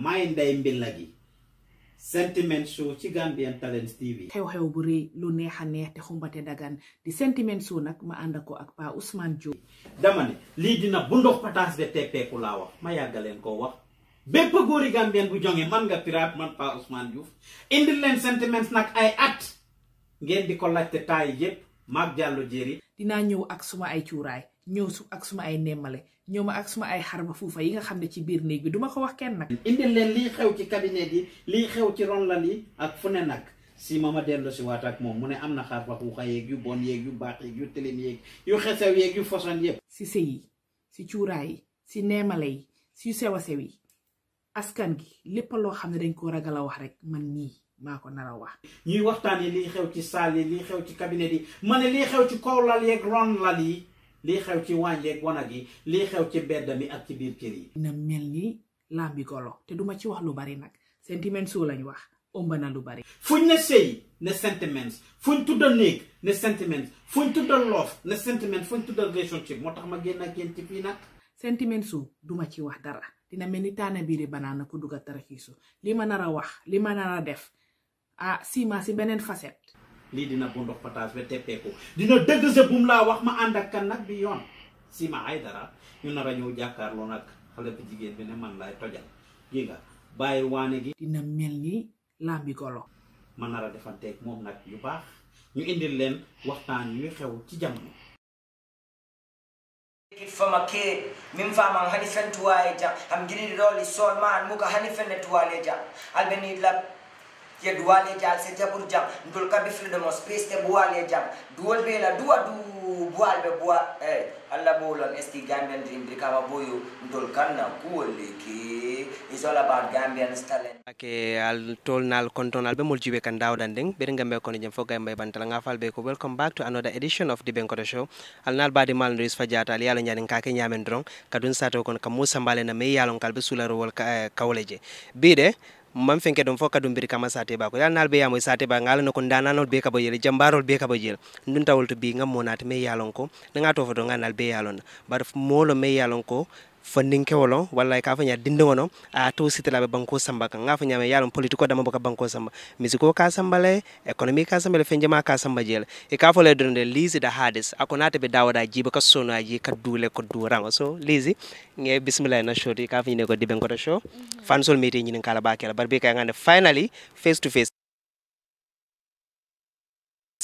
may nday mbilla gi sentiment show ci Gambian Talents TV. xew-xew bu rëy lu neex a neex te xumbate dagan di sentiment show nag ma ànd ak Pa Ousman Joob. dama ne lii dina bu ndox pataas de teppeeku laa wax ma yàgg leen koo wax bépp góori Gambien bu jonge man nga piraat man Pa Ousman Joob indil leen sentiments nag ay at ngeen di ko laajte taay yépp maag jàllo jéeri dinaa ñëw ak suma ay cuuraay ñëw su ak suma ay nemmale ñëw ma ak suma ay xarba fuufa yi nga xam ne ci biir néeg bi duma ko wax kenn nag indil leen liy xew ci cabinet yi liy xew ci ronlal yi ak fu ne nag si ma ma dellu si waat ak moom mu ne am na xarba fuufa yu bon yeeg yu baax yeeg yu tilim yeeg yu yu foson yépp si sëy yi si cuuraay yi si neemale yi si sew yi askan gi lépp loo xam ne dañ ko ragal a wax rek man nii maa ko nar a waxtaanee liy xew ci saal yi liy xew ci cabinet yi ma ne liy xew ci kaw lal yeeg ronlal yi lii xew ci wàññeeg wanag yi lii xew ci mbedd mi ak ci biir kër yi. na mel ni làmbi golo te duma ci wax lu bari nag sentiment su lañ wax ëmb na lu bari. fuñ ne sëy ne sentiments fuñ tudda néeg ne sentiments fuñ tudda loof ne sentiments fuñ tudda relationship moo tax ma génn ak yéen ci fii nag. sentiments su duma ci wax dara dina mel ni taana biiri banaana ku dugg a taraxiisu li ma nar a wax li ma nar a def ah si si beneen facette. lii dina bu ndox ba teppeeku dina dëgg sa bum laa wax ma ànd ak kan nag bi yoon si ma ay dara ñu nar a ñëw jàkkaarloo nag xale bu jigéen bi ne man laay tojal gi nga bàyyi waane gi dina mel ni làmbi kolo ma nar a defanteeg moom nag yu baax ñu indi leen waxtaan yuy xew ci jamono fama ke min faman hani fentuwaye jam ye duwale jal se jabur jam ndul kabi freedom of space te buwale jam duwal be la duwa du buwal be buwa eh alla bolon esti gambian dream rikama boyo ndol kanna kuwolle ke is all about gambian talent ake al tol nal konton al be mol jibe kan dawdan ding be ngambe kono jam fogay mbay bantal nga fal be ko welcome back to another edition of the benkoto show al nal badi mal ndris fajata al yalla nyani ka ke nyamen drong kadun sato kon kam musa mbale na me yalon kalbe sularo wol kawleje bide man fenke ɗum fof kadi mbiri kama sate ba ko yal nal ɓe yamo sate ba ngal no ko dananol be kaba jeel jambarol be kaba jeel ɗum tawol to bi ngam monate me yalon ko naga to foto ganal be yalon bar molo me yalon ko wolo walla ka fanya dindiŋono a to sitala be banko samba kan nga fanya ñame yalon politiko dama boka banko samba misiko ka samba le economy ka samba le fenjama ka samba jele e ka fole donde lise da hades ako nate be dawada jiba ka sono aji ka dule ko duraŋo so lise nge bismillah na shoti ka fanya ne ko dibe koto show mhm. fansol meeting ni kala ba kela bar ka finally face to face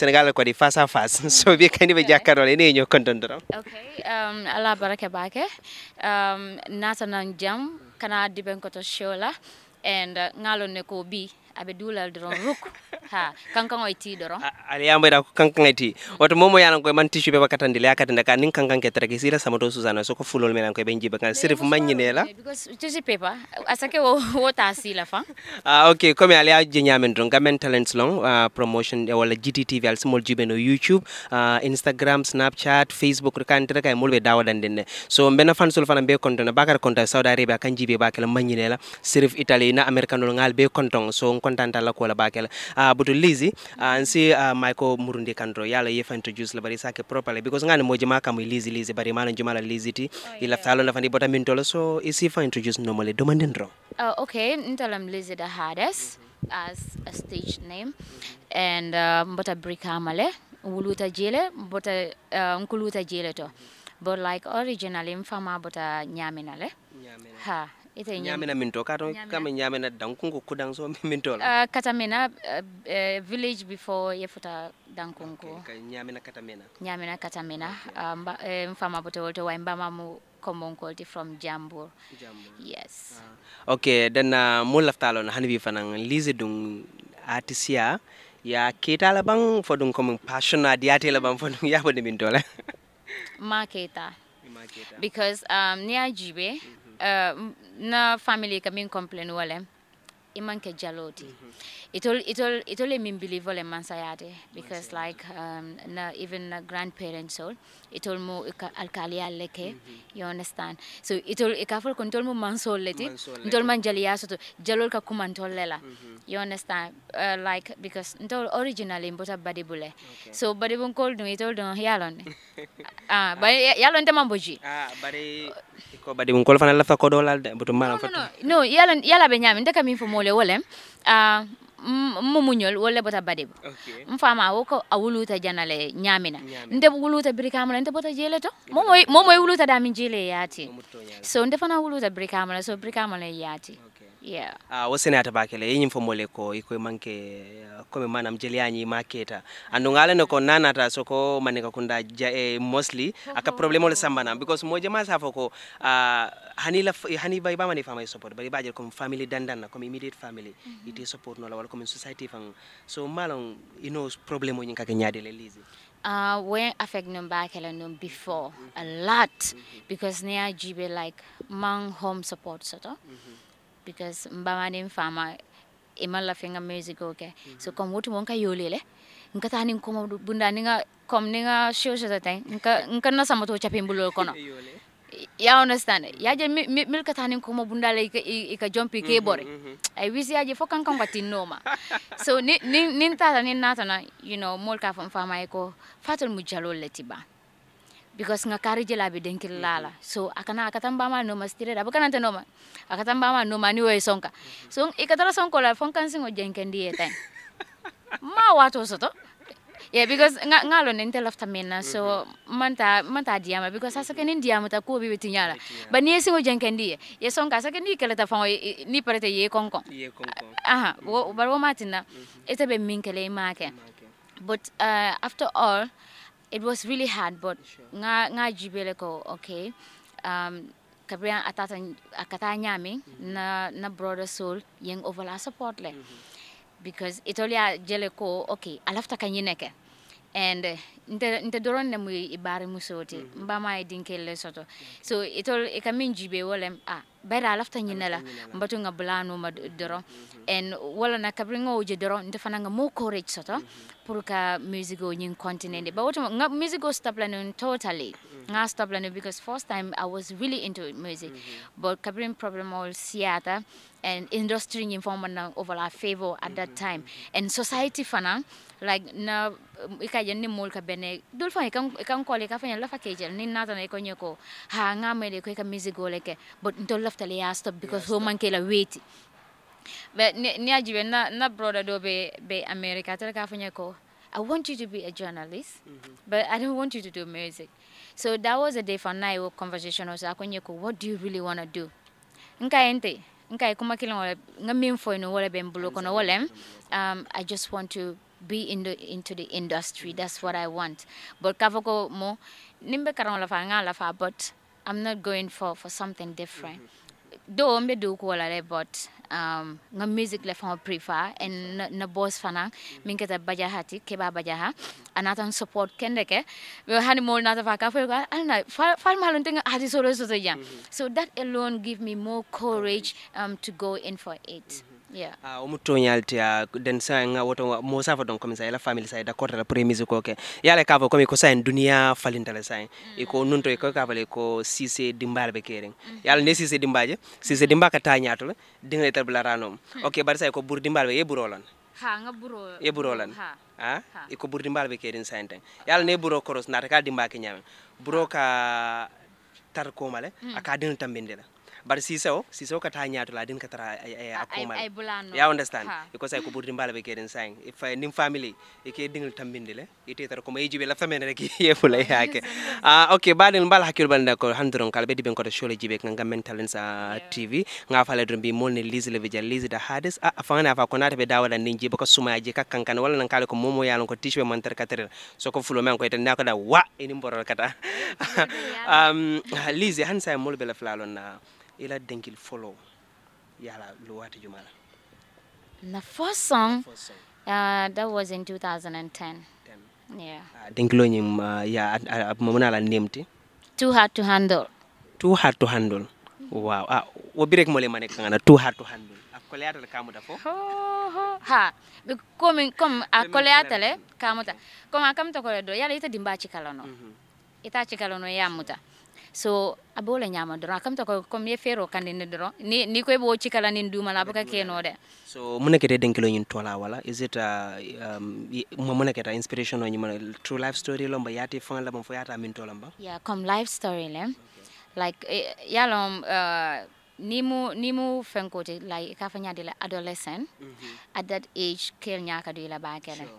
Sénégal la ko di face à face so ɓe mm-hmm. kani ɓe jakkanole ene e ñokkondondiram ok um, allah barake bake um, natanan jam kana diɓen koto show la and uh, ngalonne ko bi aɓe duulal doron ruk ha kankan oye ti doron ala yamboyɗa ko kankan e ti woto momo yanan koye man tissu be bakatandi le yakati nda ka nin kankan ketterake sila samato susana soko fulol menan koy ben jiba kan sirif mañinela eh, tissu pepa asake wota sila fa ah ok comme ala ya jeñamen doron gamen talents long uh, promotion e eh, walla gttv al small jibe no youtube uh, instagram snapchat facebook kan kantere kay e dawa dan ne so mbena sul fana mbe contona bakar konta saudi arabia kan jibe bakela mañinela sirif italie na americanol ngal be conton so kontan la ko la bakela a ah, butu lizi uh, ah, nsi uh, ah, maiko murundi kandro yala fa introduce la bari sake properly because ngani moje maka mu lizi lizi bari mana jumala lizi ti oh, yeah. ila talo na fandi bota mintolo so fa introduce normally ndro uh, okay ntalam lizi the hardest as a stage name and uh, mbota brikamale wuluta jele mbota uh, nkuluta jele to but like originally mfama bota nyaminale Nyamina. ha ite ñamena min to kato kam ñamena dankungu kudan so min la uh, katamena uh, uh, village before yefuta dankungu okay, ñamena katamena ñamena katamena okay. um, uh, mfama bote wote wa mbama mu common quality from jambu jambu yes ah. okay dan uh, mo laftalo na hanibi fanan lise dung atisia ya keta la bang fo dung comme passion adiate la bang fo dung ya bo minto la ma keta because um near Jibe, mm. Euh, na family kami complain wale imanke jaloti mm -hmm. itol itol itole min believe le mansayate because Mansa like um, na even na grandparents all itol mo alkali aleke mm -hmm. you understand so itol ikafol kon tol mo mansoleti tol man jaliya so jalol ka kuman lela mm -hmm. you understand uh, like because tol originally mbota badibule okay. so badibun kol do itol do yalon ah ba yalon tamamboji ah bare ko badibun kol fana lafa ko dolal de butum mala no no, yalon yala be nyami ndaka min fo mole wole ah, mo muñol walla bota bade ba okay. fama wo ko a wuluta janale ñamina nde wuluta brikamala nte bota jele to mo moy wuluta da min jele yaati so nde fana wuluta brikamala so brikamala yaati okay. yeah. uh, ah, wo senata bakele yeñim fo mole ko ikoy manke comme manam jeliyañi ma keta andu ne ko nanata soko maneka kunda ja, eh, mostly aka problème ole sambana because mo jama sa foko uh, ah, hani la hani bay bama ni famay support bay bajel comme family dandan na comme immediate family mm support no la wala comme society fang so malong you know problem o nyinka nyaade le lizi uh ah, when affect no back la no before mm-hmm. a lot mm-hmm. because near jibe like mang home support soto because mbama e ni fama imala finga music okay so comme wotu wonka yolele nka tani nkoma bunda nga comme nga show show ta nka nka na samoto chapimbulo kono ya understand yaje milka tanin kuma bunda la ika jumpi ke mm-hmm, bore mm-hmm. i wish yaje fokan kan kan wati noma so ni ni tata ni nata na you know molka fam fama ko fatul le tiba because nga kari jela be denkil mm-hmm. lala so akana akatan bama noma stire da bakana noma akatan bama noma ni we sonka so ikatara sonko la fon kan singo jenkendi etan ma wato soto yeah because nga nga lo nente lafta mena so mm-hmm. manta manta diama because mm-hmm. asa kenin diama ta ko bibi tinyala ba ni esingo jenkendi ye son ka saken ni kele ta fango ni parete ye konkon ye konkon aha wo mm-hmm. barwo matina ita e be minkele e make but uh, after all it was really hard but nga nga jibele ko okay um kabria atata akata nyami na na brother soul yeng overla support le mm -hmm. because itolia jele ko okay alafta kanyineke and nte doron ne mu ibari muso te mm. mba ma e dinkelle soto so itol e kamin jibe wolem a ah, bayra lafta nyina la mbatu nga bulano ma doro en mm-hmm. wala na kabringo je doro nte fana nga mo courage soto mm-hmm. pour ka musique o nyin continent ba woto nga musique o stop la totally mm-hmm. nga stop la because first time i was really into music but kabrin problem all siata and industry nyin form na over la favor at that time and society fana like na ikaje ni mol bene dol fane kan kan kole ka fane lafa kejel nin na tan ko nyoko ha nga me de ko ka music gole ke but ntol lafta le ya stop because ho man ke la wait but ni ajibe na na brother do be be america tel ka fane ko I want you to be a journalist, mm -hmm. but I don't want you to do music. So that was a day for night conversation. I was like, what do you really want to do? Nkaente, nkai kuma kila wala, ngamin fo ino wala bembulo kono wala, um, I just want to be in the, into the industry. That's what I want. But kavoko mo nimbe karon lafa lafa, but I'm not going for for something different. Mm-hmm. Do mbe do ko la but um nga music le fon prefer and na, na boss fana mm-hmm. min keta baja hati keba baja ha anatan support kende ke we hani mo na ta faka fe ga alna fal malon tenga hati solo so mm-hmm. so that alone give me more courage um to go in for it. Mm -hmm. yeah uh, ah, umutto nyalti uh, den sanga woto mo safa don comme ça la famille sa d'accord la premier musique ok yale kavo comme ko sain dunia falinta la sain e mm. ko nunto e ko kavale ko sise dimbar be keren yale ne sise dimbaje sise dimba ka tanya to dinga tar blaranum mm-hmm. ok bar sa ko bur dimbar be e burolan ha nga buro e burolan ha ha e ko bur dimbar be keren sain tan yale ne buro koros na ta ka dimba ke nyame buro ka tar komale mm. aka dinu tambinde la bar sisew sisewo kata ta ñaato la din ka tara ya understand because ay ko burdi mbala be kedin sang if eh, nim family e ke dingul tambinde le ite tar ko may jibe la famen rek yefula oh, yake ah okay badin mbala hakir banda ko handron kala be diben ko to shole jibe ngam mental sa ah, tv nga fala drum bi molne le be lise da hades a ah, afana fa konata be dawala nin jibe ko suma ji ka kankan wala nan kala ko momo yalon ko tishbe man tar katere so ko fulo men ko ite nako da wa eni mboro kata um lizi hansa molbe la flalon na i la denkili fɔlɔ yala lo waati juma na first song, first song. Uh, that was in 2010 Ten. yeah uh, ah, denkilo ñim mm, uh, ah, ya ah, mamuna la nemti too hard to handle too hard to handle wow ah wo bi rek mo le mané kangana too hard to handle koleatale kamuta fo ha comme comme a koleatale kamuta comme a kamuta kole do yala ita dimba cikala no mm-hmm. ita cikala no yamuta mm -hmm so abole ñama doron kam to ko comme ye fero kande ni doron ni ni koy bo kala ni nduma la baka keno de so mu nekete denkilo ñun tola wala is it a um, mu ta inspiration o ñuma true life story lomba yati fan la mo fo yata min ba yeah comme life story le okay. like e, yalom uh, ni mu ni mu fenkote like e ka fa de la adolescent mm -hmm. at that age kel nyaka do la ba le sure.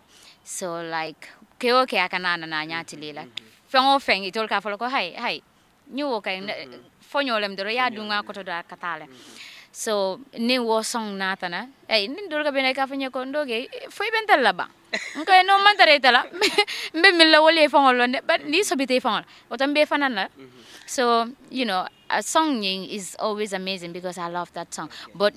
so like ke o ke aka na na nyati lela mm -hmm. fengo fengi itol ka folo ko hay hay New work, ñiwo kay foñolem doro ya dunga koto do katale mm-hmm. so ni wo song natana ay nin dor ka bena ka fanya ko ndoge eh, foi bental la ba nko eh, no man tare tala eh, mbe min la wole fangol londe but ni so bite fangol o tambe fanan la mm-hmm. so you know a songing is always amazing because i love that song but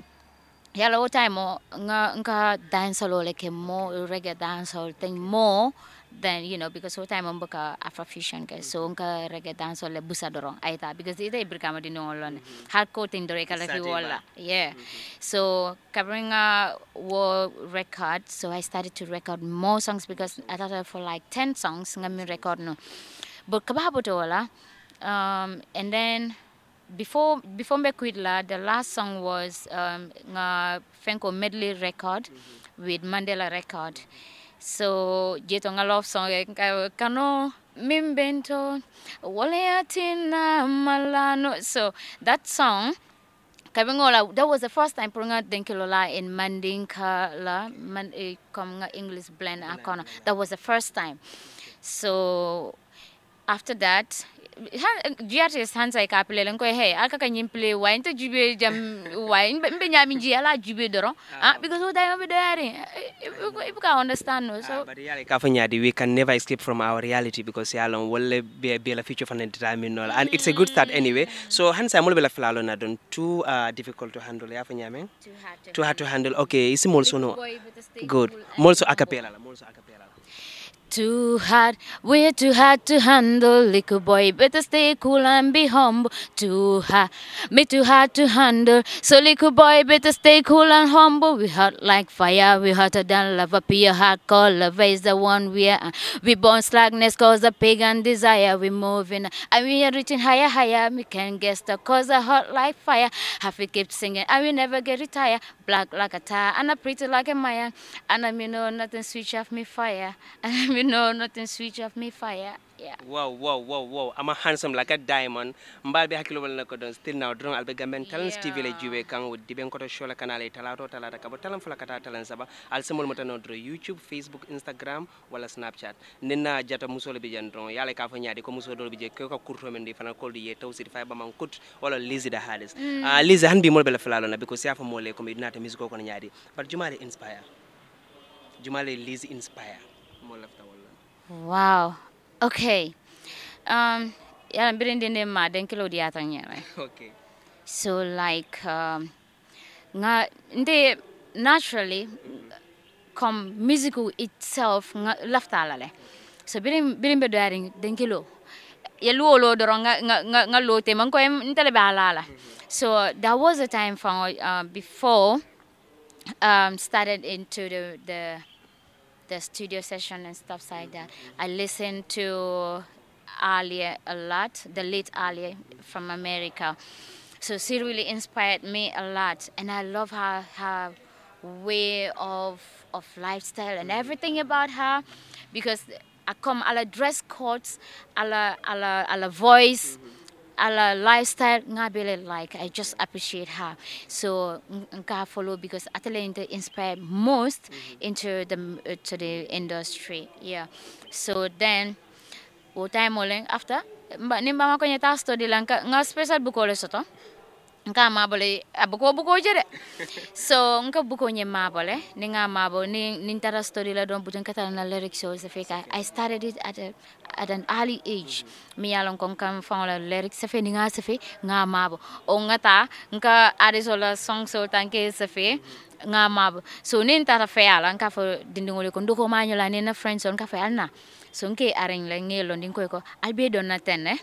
yalla o time nga nga dance solo like ke mo reggae dance or thing more then you know because whole time mbo ka afrofusion guys, so mm-hmm. unka reggae dance le busa dorong aita because ita ibrikama di no lon mm-hmm. hardcore thing dore kala ki wala yeah mm-hmm. so covering a war record so i started to record more songs because i thought for like 10 songs ngami record no but kababo to wala um and then before before me quit la the last song was um nga fenko medley record mm -hmm. with mandela record mm -hmm so jetong love song kano mimbento malano so that song Kabingola, that was the first time putting out Denkilola in Mandinka la man eh, English blend akona. That was the first time. So after that duyate sansa ka pele len ko he aka ka nyimple wa inte jube jam wine mbe nyami ji ala jube doron ah. ah because who dai mbe dare ibu ka understand no so ah, but yale ka fa nyadi we can never escape from our reality because yalon will be be la future for determine no and it's a good start anyway so hansa mo be la flalo na don too uh, difficult to handle ya fa nyame too hard to handle okay isi so no good molso acapella molso acapella too hot, we're too hot to handle. Little boy, better stay cool and be humble. Too hot, me too hot to handle. So little boy, better stay cool and humble. We hot like fire, we hotter than lava. Pure hardcore lava is the one we are. We born slackness cause a pagan desire. We moving and we are reaching higher, higher. We can get the cause a hot like fire. Have to keep singing and we never get retired. Black like a tire and a pretty like a Maya. And I mean, you know, nothing switch off me fire. And I mean, no, in switch off me fire. Yeah. Wow, wow, wow, wow. I'm a handsome like a diamond. Mbalbi hakilo wala ko don still now drone albe gamen talent TV le juwe kan wudi diben koto show la kanale talato talata ka talam fula kata talan saba al semol mota no YouTube, Facebook, Instagram wala Snapchat. Nina jata muso le bijan drone yale ka fa nyaade ko muso do je ko ka kurto men di fana ko di taw sir fa bamam kut wala Lizzy da Halis. Mm. Ah Lizzy han bi mol bela fulalo na because ya fa mole ko mi dinata music ko ko nyaade. But jumale inspire. Jumale Lizzy inspire. Wow. Okay. Um, yeah, I'm bringing the ma den kilo di atang yare. Okay. So like um, nga they naturally come musical itself nga lafta lale. So bring bring be doaring den kilo. Ya luo lo dorong nga nga nga lo te man ko em ntele ba mm-hmm. So there was a time from uh, before um, started into the the the studio session and stuff like that. I listen to Ali a lot, the late Ali from America. So she really inspired me a lot, and I love her her way of of lifestyle and everything about her, because I come a la dress codes, a la a la, a la voice. Mm -hmm ala lifestyle nga bele like I just appreciate her so nga follow because Atalanta inspired most mm-hmm. into the uh, to the industry yeah so then i time mo after nimba makonya ta study lang nga special bukole soto ma bole abuko buko jere so nga buko nye bole ni nga mabo ni ni tara story la don butun kata na lyric so se ka i started it at a, at an early age mi ya lon kon kan fa la lyrics se fe ni nga se fe nga bo o nga ta nga ari so la song so tanke se fe nga bo so ni tara fe ala nga fo dindingole kon ma nyola ni na friends on ka fe alna so nke areng la ngelo ndin ko ko albedo na ten eh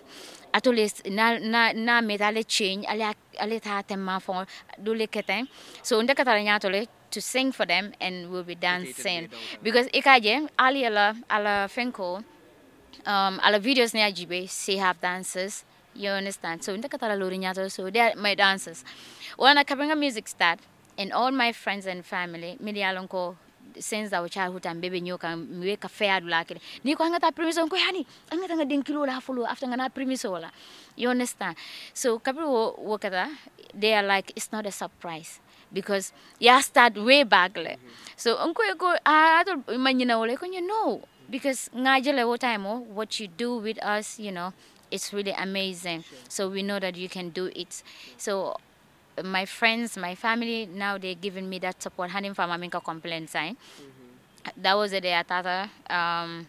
ato le na na na meta le change ale ale ta tema for do le keten so nda katara nya to le to sing for them and we'll be dancing because ikaje ali ala ala fenko um ala videos ne ajibe see have dances you understand so nda katara lori nya to so they are my dancers when well, i kabinga music start and all my friends and family me alonko since senza ochal hutan we nyoka a fair lakini ni ko ngata permission ko yani ngata ngaden kilo la fulo after ngana a wala you understand so kabri wo, wo kata they are like it's not a surprise because have start way back le so unko ko ah to imagine wala ko you know because ngajele what time oh, what you do with us you know it's really amazing so we know that you can do it so my friends, my family, now they're giving me that support. Handing for Maminka complaint sign. Eh? Mm-hmm. That was the day I thought, uh, um,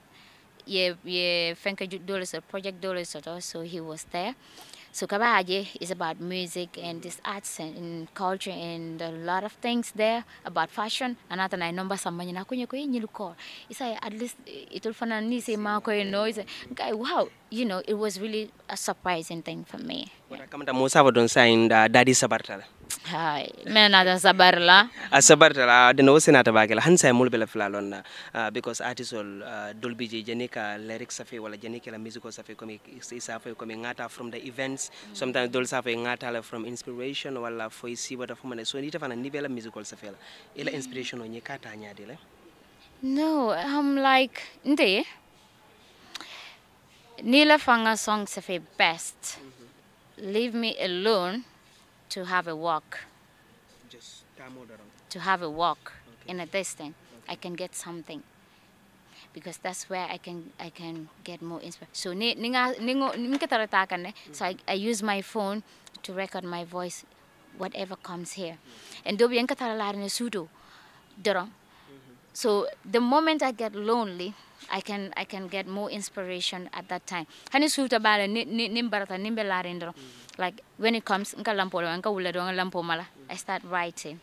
yeah, yeah, thank you, dollars, uh, project dollars, uh, so he was there. So Kabaye is about music and this arts and, and culture and a lot of things there about fashion. Anata na inomba samanya na kunye kwenye nyiluko. Isa at least eh, itulfana nisi ma kwenye noise. Guy, wow, you know, it was really a surprising thing for me. Kama tamusa vodonsa in uh, daddy sabartala hay mena sabar la a ah, sabar la dena wo senata la han say mul bela fla lon uh, ah, because artisol uh, ah, dolbi je jani ka lyric fe wala jani ka musical fe comme isa fa comme ngata from the events mm. sometimes dol safi ngata la from inspiration wala fo isi wata fo mane so ni tafana ni bela musical fe la ila hmm. inspiration o nyekata nya de la no i'm like nde nila fanga song safi best mhm. leave me alone to have a walk. Just to have a walk okay. in a distance. Okay. I can get something because that's where I can I can get more inspiration. So so I, I use my phone to record my voice, whatever comes here. Mm-hmm. And dobi in mm-hmm. So the moment I get lonely, I can I can get more inspiration at that time. Hani suta bala nimbarata nimbela mm. Like when it comes nka lampo nka wulado lampo mala. I start writing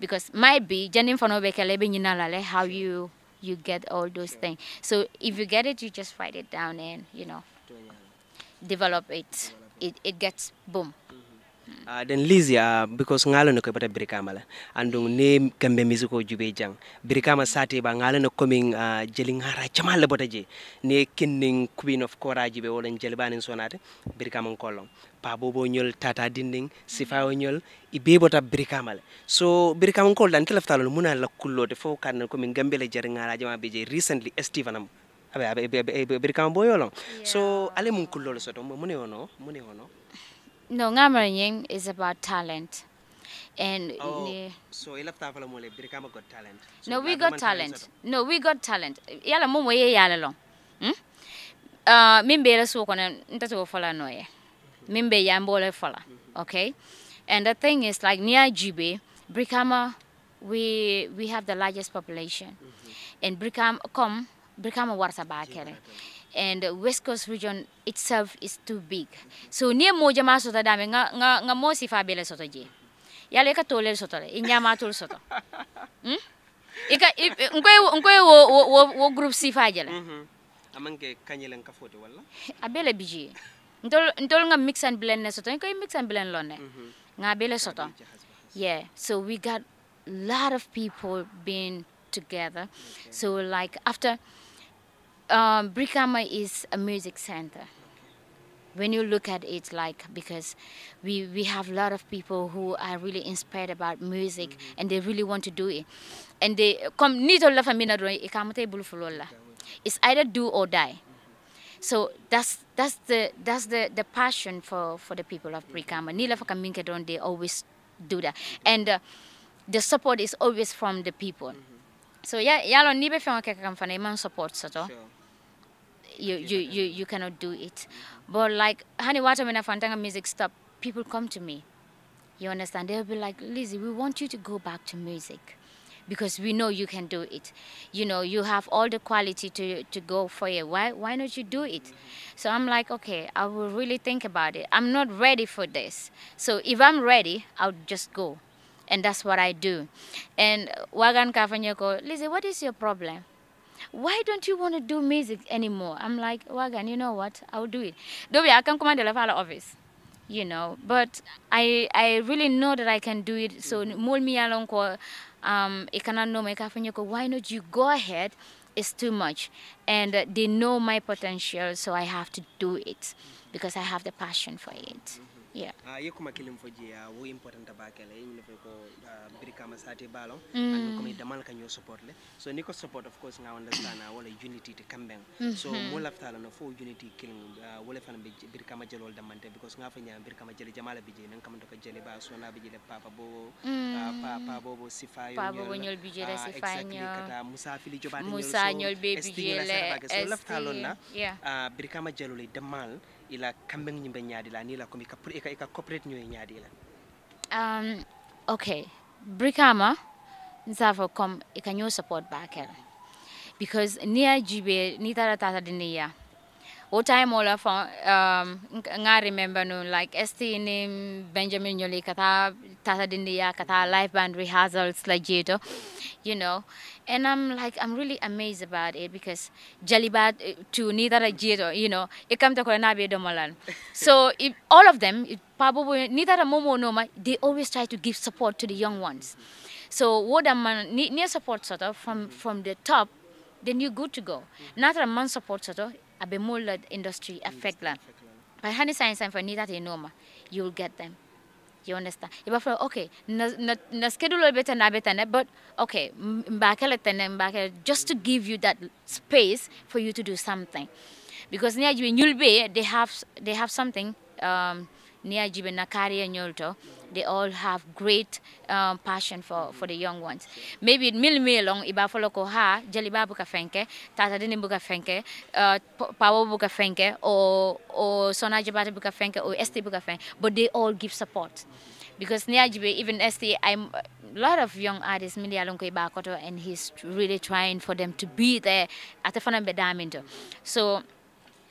because might be janin fano bekele be how you you get all those things. So if you get it, you just write it down and you know develop it. It it gets boom. Uh, ah, den lisi uh, ah, because ngalo ne ko bata birikama la andum ne gambe musico jube jang birikama sate ba ngalo ne coming uh, ah, jeli ngara la bota je ne kinning queen of kora jube wala jeli banin sonate birikama kolon pa bobo nyol tata dinding sifa nyol ibe bota birikama la so birikama kol dan telefta lo muna la kullo de fo kan ko min gambe le jeri ngara jama be je recently stevenam abe abe birikama boyolon so ale mun kullo lo soto mune wono mune wono No, Ngamaring is about talent. And oh, so ilaf tafala mole got talent. So no, we got talent. No, we got talent. Yala mumo moye yala long. Hmm? Uh, mimbe yala so na ntato fala noye. Mimbe yambole fala. Mm-hmm. Okay? And the thing is like near Jibe, Brikama we we have the largest population. Mm -hmm. And Brikama come Brikama warta ba kere and West Coast region itself is too big. So near moja ma sota dame nga nga nga mo si fabela ji, je. Yale ka tolel soto le inya ma tol soto. Hmm? Ika nko nko wo wo wo group si fajala. Mhm. Amange kanyelan ka foto wala? Abele biji. Ntol ntol nga mix and blend na soto. Nko mix and blend lonne. Mm-hmm. Nga abela sota. Yeah. So we got a lot of people being together. Okay. So like after um, Brikama is a music center. When you look at it, like because we we have a lot of people who are really inspired about music mm -hmm. and they really want to do it, and they come nito la famina It's either do or die. So that's that's the that's the the passion for for the people of Brikama. Nila Fakaminke don they always do that, and uh, the support is always from the people. Mm -hmm. So yeah, yalo nibe fengo kaka kamfana iman support soto. Sure you you you, you cannot do it. But like honey water when I Fantanga music stop, people come to me. You understand? They'll be like, Lizzie, we want you to go back to music because we know you can do it. You know, you have all the quality to, to go for it. Why, why not you do it? So I'm like, okay, I will really think about it. I'm not ready for this. So if I'm ready, I'll just go. And that's what I do. And Wagan Kafanyoko, Lizzie, what is your problem? why don't you want to do music anymore? I'm like, Wagan, you know what? I'll do it. Though I can come to the Lavala office, you know, but I I really know that I can do it. So mold me along um why not you go ahead? It's too much. And uh, they know my potential, so I have to do it. because I have the passion for it. Mm-hmm. Yeah. Uh, ye kuma kilim foji ya wo important tabake le ni fe ko birika masati balo mm. and ko damal kan yo support le so niko support of course nga understand wala unity to kambeng so mo mm-hmm. laftala no fo unity kilim ah, wala fan be birika ma jelol damante because nga fa nya birika ma jeli jamala bije nan kam to ko jeli ba so na bije le papa bo papa ah, mm. bo bo sifa yo papa bo nyol bije le sifa nyo kata musa fili jobate musa nyol be bije le so laftala na birika ma jelol damal ila kambeng nyimbe nyaadila ni la komi ka pour eka eka corporate nyoy nyaadila um okay brikama nsafo kom eka nyo support back because niya jibe ni tara tata dinia wo time all of uh, um nga remember no like st ni benjamin nyoli kata tata dindia kata live band rehearsals like jeto oh, you know and i'm like i'm really amazed about it because jaliba eh, to neither a jeto oh, you know it come to do domalan so if all of them probably neither momo ma they always try to give support to the young ones so what am near support sort of from from the top then you're good to go. Mm. Not a man support sort of a bemulad industry a fekla. But honey science and for nita noma, you will get them. You understand? Iba for okay, na na schedule better na better but okay, mbakele tene mbakele just to give you that space for you to do something. Because near you in Yulbe, they have they have something um, Niajib Nakari and Yolto, they all have great um, passion for, for the young ones. Maybe mil milong Ibafolo follow ko ha, jaliba buka tata dini buka fenke, uh, buka fenke, or, or sona jibata buka fenke, or ST buka fenke, but they all give support. Because Niajibe, even ST, I'm a lot of young artists, Mili Alonko Ibakoto, and he's really trying for them to be there at the Fanambe Diamond. So,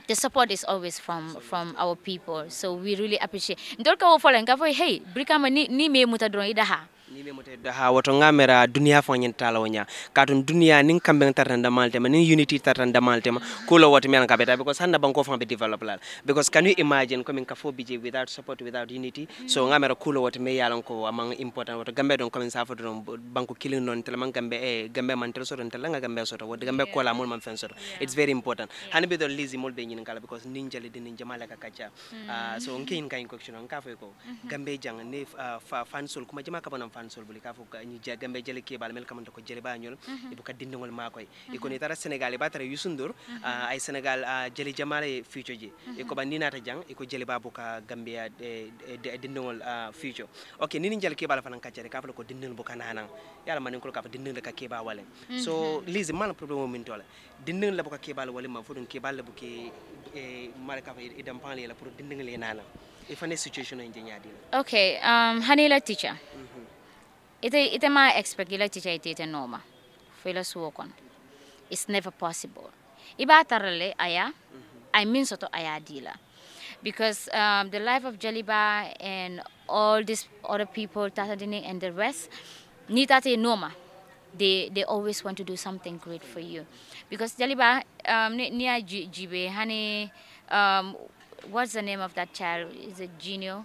the support is always from from our people so we really appreciate ndorka wo folen ka foy hey brikama ni ni me muta dron idaha ni ɓe moteddo ha woto gamera duniya foñen talawoña ka toon duniya nin kamɓe tartan damal ma nin unity tartan ma ko lo woto men kaɓe ta because handa banko fo be développe lal because can you imagine coming ka bije without support without unity so mm. gamera lo woto me yalan ko amang important woto gambe coming sa fo don banko killing noon tela man gambe e gambe man tel soton tela ga gambe soto woto gambe la mol man fen soto it's very important hande ɓe don lisi mol ɓe nyin kala because nin jale din nin jamala ka kacha mm. ah, so on keyin kayin on ka ko mm-hmm. gambe jang ne ah, fansol kuma jama ban fan an solbuli k'a fɔ ni jagambe jeli kebal mel kamanta ko jeli bañol mhm. ibu ka dindingol makoy mhm. iko ni tara senegal e batara yusundur mhm. ah, ay senegal ah, jeli jamale ficoji iko ba ninata jang iko jeli babu ka gambia dindingol ah, fico ok nini jeli kebal fanan kaccere k'a fɔ ko dindingol bu kananan yala manin ko k'a fɔ dindingol ka keba wale so lise man problème min tole dindingol la bu ka kebal wale ma fudun kebal la bu ke e, mara k'a fɔ idan pan le la pour dindingol le nana ifane situation en jenyadi ok um hanila teacher mm -hmm. Ite ite ma expect gila normal. Fela suwo on. It's never possible. Iba tarale aya. Mm-hmm. I mean soto aya dila. Because um, the life of Jaliba and all these other people, Tatadini and the rest, nitate normal they they always want to do something great for you because jaliba um near jibe honey um what's the name of that child is it genio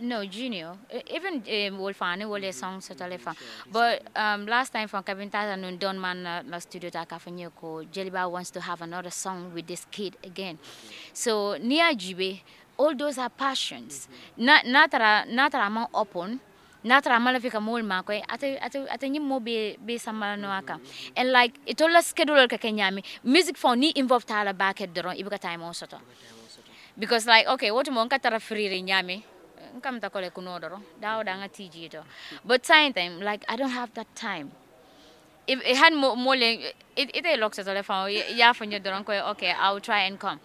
No, Junior. E, even um, Wolfane, Wole song Sotalefa. But um, last time from Kabintata and Donman uh, studio Takafanyoko, Jeliba wants to have another song with this kid again. Mm-hmm. So, Nia Jibe, all those are passions. Mm-hmm. Natara among open. Natara malafika mol makwe ate nyi mo be be samala no aka mm-hmm, and like it all schedule ka kenyami music for ni involved tala back at the ibika time because like okay what mo nka free nyami come to kunodoro. But time time, like I don't have that time. If it had more more it it looks as if yeah for your drunk okay, I'll try and come.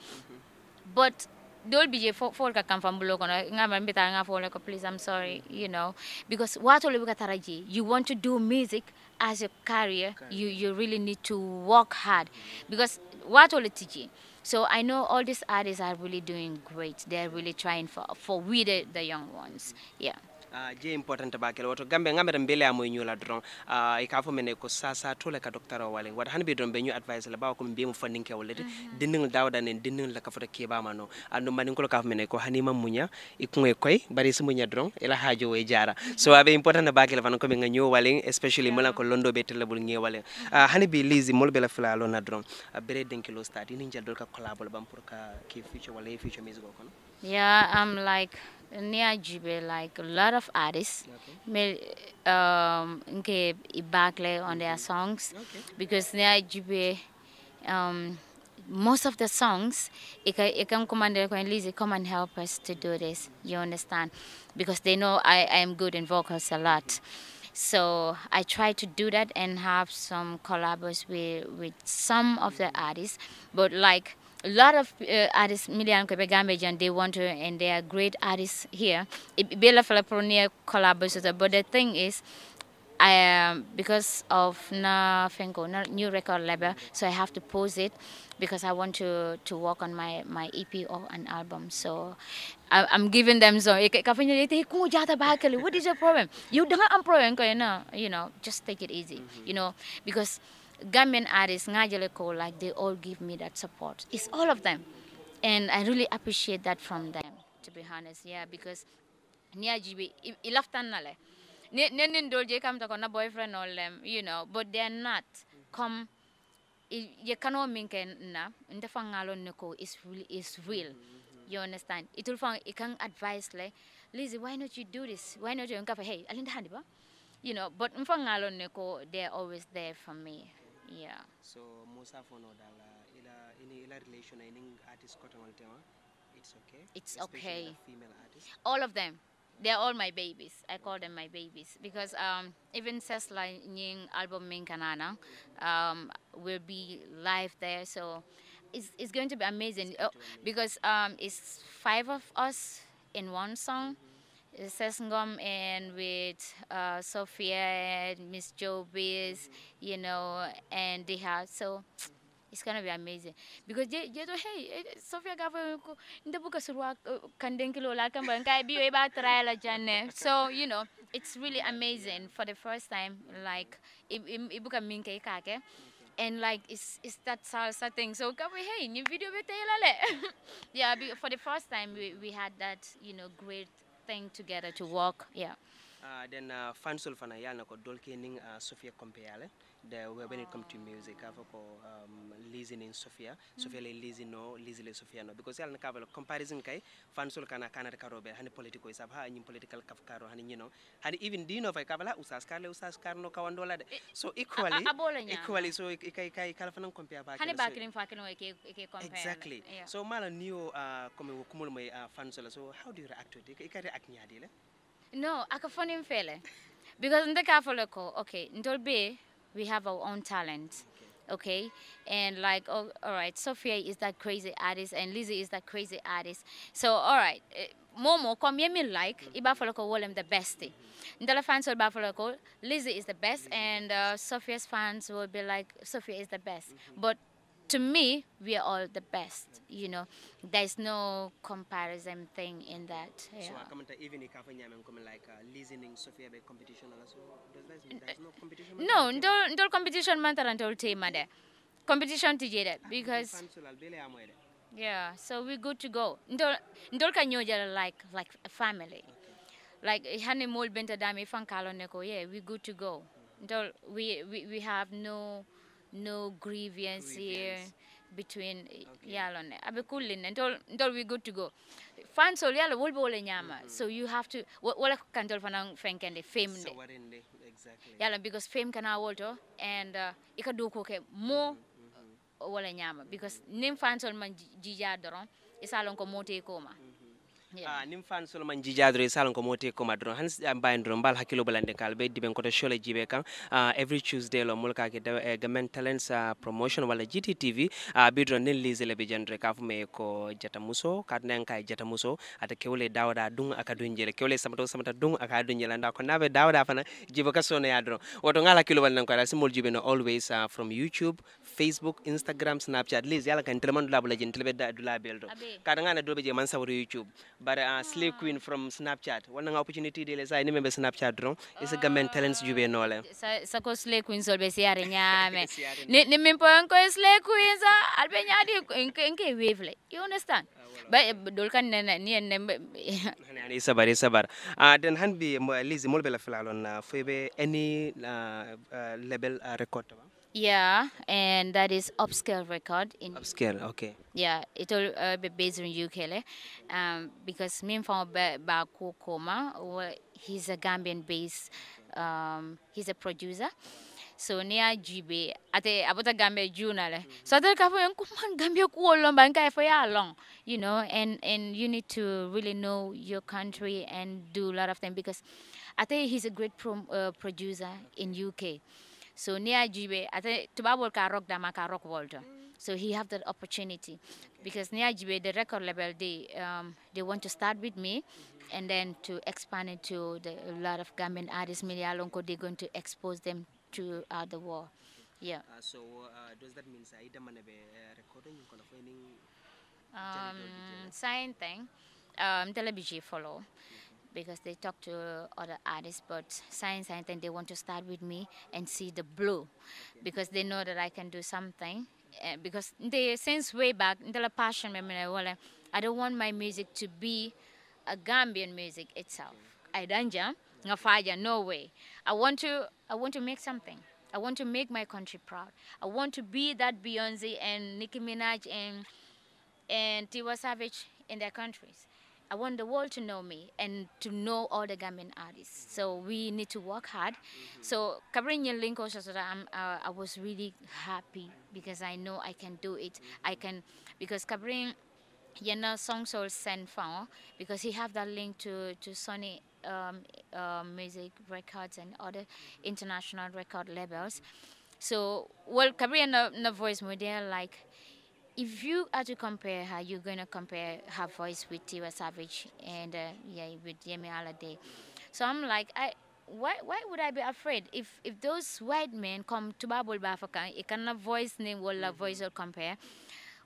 But don't be folk come from below please I'm sorry, you know. Because what you want to do music as a career, you, you really need to work hard. Because what they teaching? So I know all these artists are really doing great. They're really trying for for we the, the young ones. Yeah. Ah, je important bakel woto gambe ngamere mbele amoy ñula doron e ah, ka fo mene ko sasa tole ka docteur o wale wata hanbe don be ñu advice la bawa ko mbiye mu fannin ke wolete mhm. dinning dawda nen dinning la ka fota ke ba mano andu ah, manin ko ka fo mene ko hanima munya e koy bari su munya dron ela hajo we jara mhm. so abe important bakele fan ko be nga ñoo wale especially mala ko londo be tele bul ñe walen hanbe lazy mol be la fla lona doron bere denki lo start ni jaldol ka collabol bam pour ka ke future wala future music ko no yeah i'm like Niajibe, like a lot of artists, okay. um, backlay on their mm-hmm. songs okay. because Niajibe, um, most of the songs, it can, it can come and Lizzie, come and help us to do this. You understand? Because they know I, I am good in vocals a lot. So I try to do that and have some collabs with, with some of the artists. But like a lot of uh, artists, Milian Kwebegambejan, they want to, and they are great artists here. Bela Falapronia collaborates with them, but the thing is, I, um, because of na Fengo, na new record label, so I have to pause it because I want to to work on my my EP or an album. So I, am giving them so. What is your problem? You don't have a problem, you know. You know, just take it easy. Mm -hmm. You know, because Gambian artists, Ngajele like they all give me that support. It's all of them. And I really appreciate that from them, to be honest. Yeah, because Niajibi, Ilaftanale. Nenin Dolje come to a boyfriend all them, you know, but they're not. Come, you cannot make na, in It's real. real. You understand? It will find it can advise like, Lizzie, why not you do this? Why not you uncover? Hey, Alinda Handiba, you know. But mfangalo they're always there for me yeah so musa fonodala ila in ila relation ini artist kotongol tema it's okay it's Especially okay female artist all of them they're all my babies. I call them my babies because um, even Cecila Nying album Ming Kanana um, will be live there. So it's, it's going to be amazing, oh, because um, it's five of us in one song. Mm -hmm. Sesngom and with uh, Sophia and Miss Jobies, mm-hmm. you know, and they have so it's gonna be amazing because they they do hey eh, Sophia gava nda the surwa uh, kandeng kilo la kamba nkai biwe try trial ajane so you know it's really amazing for the first time like book ibuka minke kake and like it's it's that salsa thing so we hey new video bete lale yeah for the first time we we had that you know great thing together to work. Yeah. Uh, then uh, ah, fansol fana yal na ko dolke ning uh, Sofia Kompe yale. the, when it comes to ah. music I ko um, listening sophia sophia le mm. lisi no lisi le sophia no because yalna kava comparison kay fan sol kana kana de karobe hani political isab ha nyim political kaf karo hani know. hani even dino fay kava usas karle usas karno kawandola de so equally equally so ikay e, kay e, e, kala fanan compare ba hani ba kilim fa kino ke ke compare exactly yeah. so mala niyo uh, comme wo kumul may uh, fan sol so how do you react to it ikay react nyaadi le no akafonim fele because ndeka foloko okay ndolbe we have our own talent okay and like oh, all right sophia is that crazy artist and lizzie is that crazy artist so all right eh, momo come here me like ibafaloko wolem the best ndala fans will bafaloko lizzie is the best and uh, sophia's fans will be like sophia is the best but to me, we are all the best. You know, there's no comparison thing in that. Yeah. So, I comment even if I'm like uh, listening, Sophia, competition, also, there's no uh, competition. No, competition matter until team Competition to jada ah, because. Yeah, so we're good to go. Ndol can you like like a family. Like hani mol benta fan kalone yeah, we're good to go. Mm. Ndol we we we have no no grievance, grievance. here between eh, okay. yalo ne And all, ntol we good to go fans ol yalo wolbe wole nyama mm-hmm. so you have to wala kantol fana fenkende fame so what in exactly yalo because fame kana wolto and uh, eh, ikadu ko ke mo mm -hmm. wole mm-hmm. nyama because nim fans ol man jija doron isalon ko mote koma mm -hmm. Yeah. Uh, ah, nim fan solomon jijadore salon ko mote ko madron hans ambaye ndron bal hakilo balande kalbe koto shole jibe kan uh, ah, every tuesday lo mulka ke uh, eh, gamen talents uh, promotion wala gttv uh, bidron nen lizele be jandre ka fume ko jata muso kadnan e jata muso ata kewle dawda dun aka dun jele kewle samato samata dun aka dun jele nda ko nabe dawda fana jibe ka sono yadron woto ngala kilo balande ko simol jibe no always uh, from youtube facebook instagram snapchat liz yala kan telman dula bula jin telbe da dula beldo kadanga na dobe je man sawro youtube but uh, ah. Slay Queen from Snapchat. One opportunity to lesa ni member Snapchat dron. Isa gamen talents ah. jube nole. Sa sa ko Slay Queen sol be are nyame. Ni ni mimpo ko e Slay Queen sa albe nyadi nke wave le. You understand? Ah, ba dolkan kan ne ni ne ni sabar e sabar. Ah den han bi Lizzie molbela filalon be any label record ba. Yeah, and that is upscale record in Upscale, okay. Yeah, it'll uh, be based in Ukele, um, because Mimfamo Baku Koma, he's a Gambian-based, um, he's a producer. so near a jibe about a gambe journal le mm. so ate ka foyen kuma gambe ku olomba long you know and and you need to really know your country and do a lot of them because think he's a great pro, uh, producer in UK so near Jibe, I think Tobago rock Dama rock Walter. Mm. So he have that opportunity because near Jibe, the record label, they um, they want to start with me mm-hmm. and then to expand it to the, a lot of Gambian artists, Many Lonko, they going to expose them to uh, the world. Yeah. Uh, so uh, does that mean Saida Manebe uh, recording you kind of finding um, sign thing? Um, television follow. Mm -hmm because they talk to other artists, but science, and think they want to start with me and see the blue because they know that I can do something. Uh, because they since way back, the passion, I don't want my music to be a Gambian music itself. I don't no fire, no way. I want to, I want to make something. I want to make my country proud. I want to be that Beyonce and Nicki Minaj and and Tiwa Savage in their countries. I want the world to know me and to know all the Gambian artists. So we need to work hard. Mm-hmm. So covering your link also, I'm, uh, I was really happy because I know I can do it. I mm-hmm. can because covering you know song soul send phone because he have that link to to Sony um, uh, music records and other mm-hmm. international record labels. So well, Kabri and the voice model like if you are to compare her, you're going to compare her voice with Tiwa Savage and uh, yeah, with Yemi Alade. So I'm like, I why why would I be afraid if if those white men come to Babul Bafaka, it cannot voice name or la voice mm-hmm. or compare.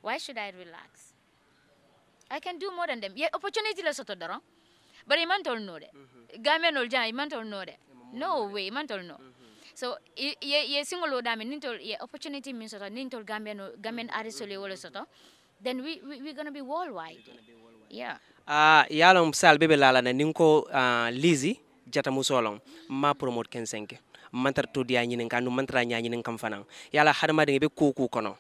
Why should I relax? I can do more than them. Yeah, opportunity la soto daro. But imantol no de. Mm-hmm. Gamen olja imantol no de. No way imantol no. Mm -hmm. so ye ye singolo dame nintol ye opportunity min soto nintol no gambian artist le wala soto then we, we we going to be worldwide yeah ah yalo msal bebe lala na ninko uh, ah, lizi jata musolon ma promote 15 mantar to dia nyinin kanu mantara nya kam fanan yala hadama de be kuku kono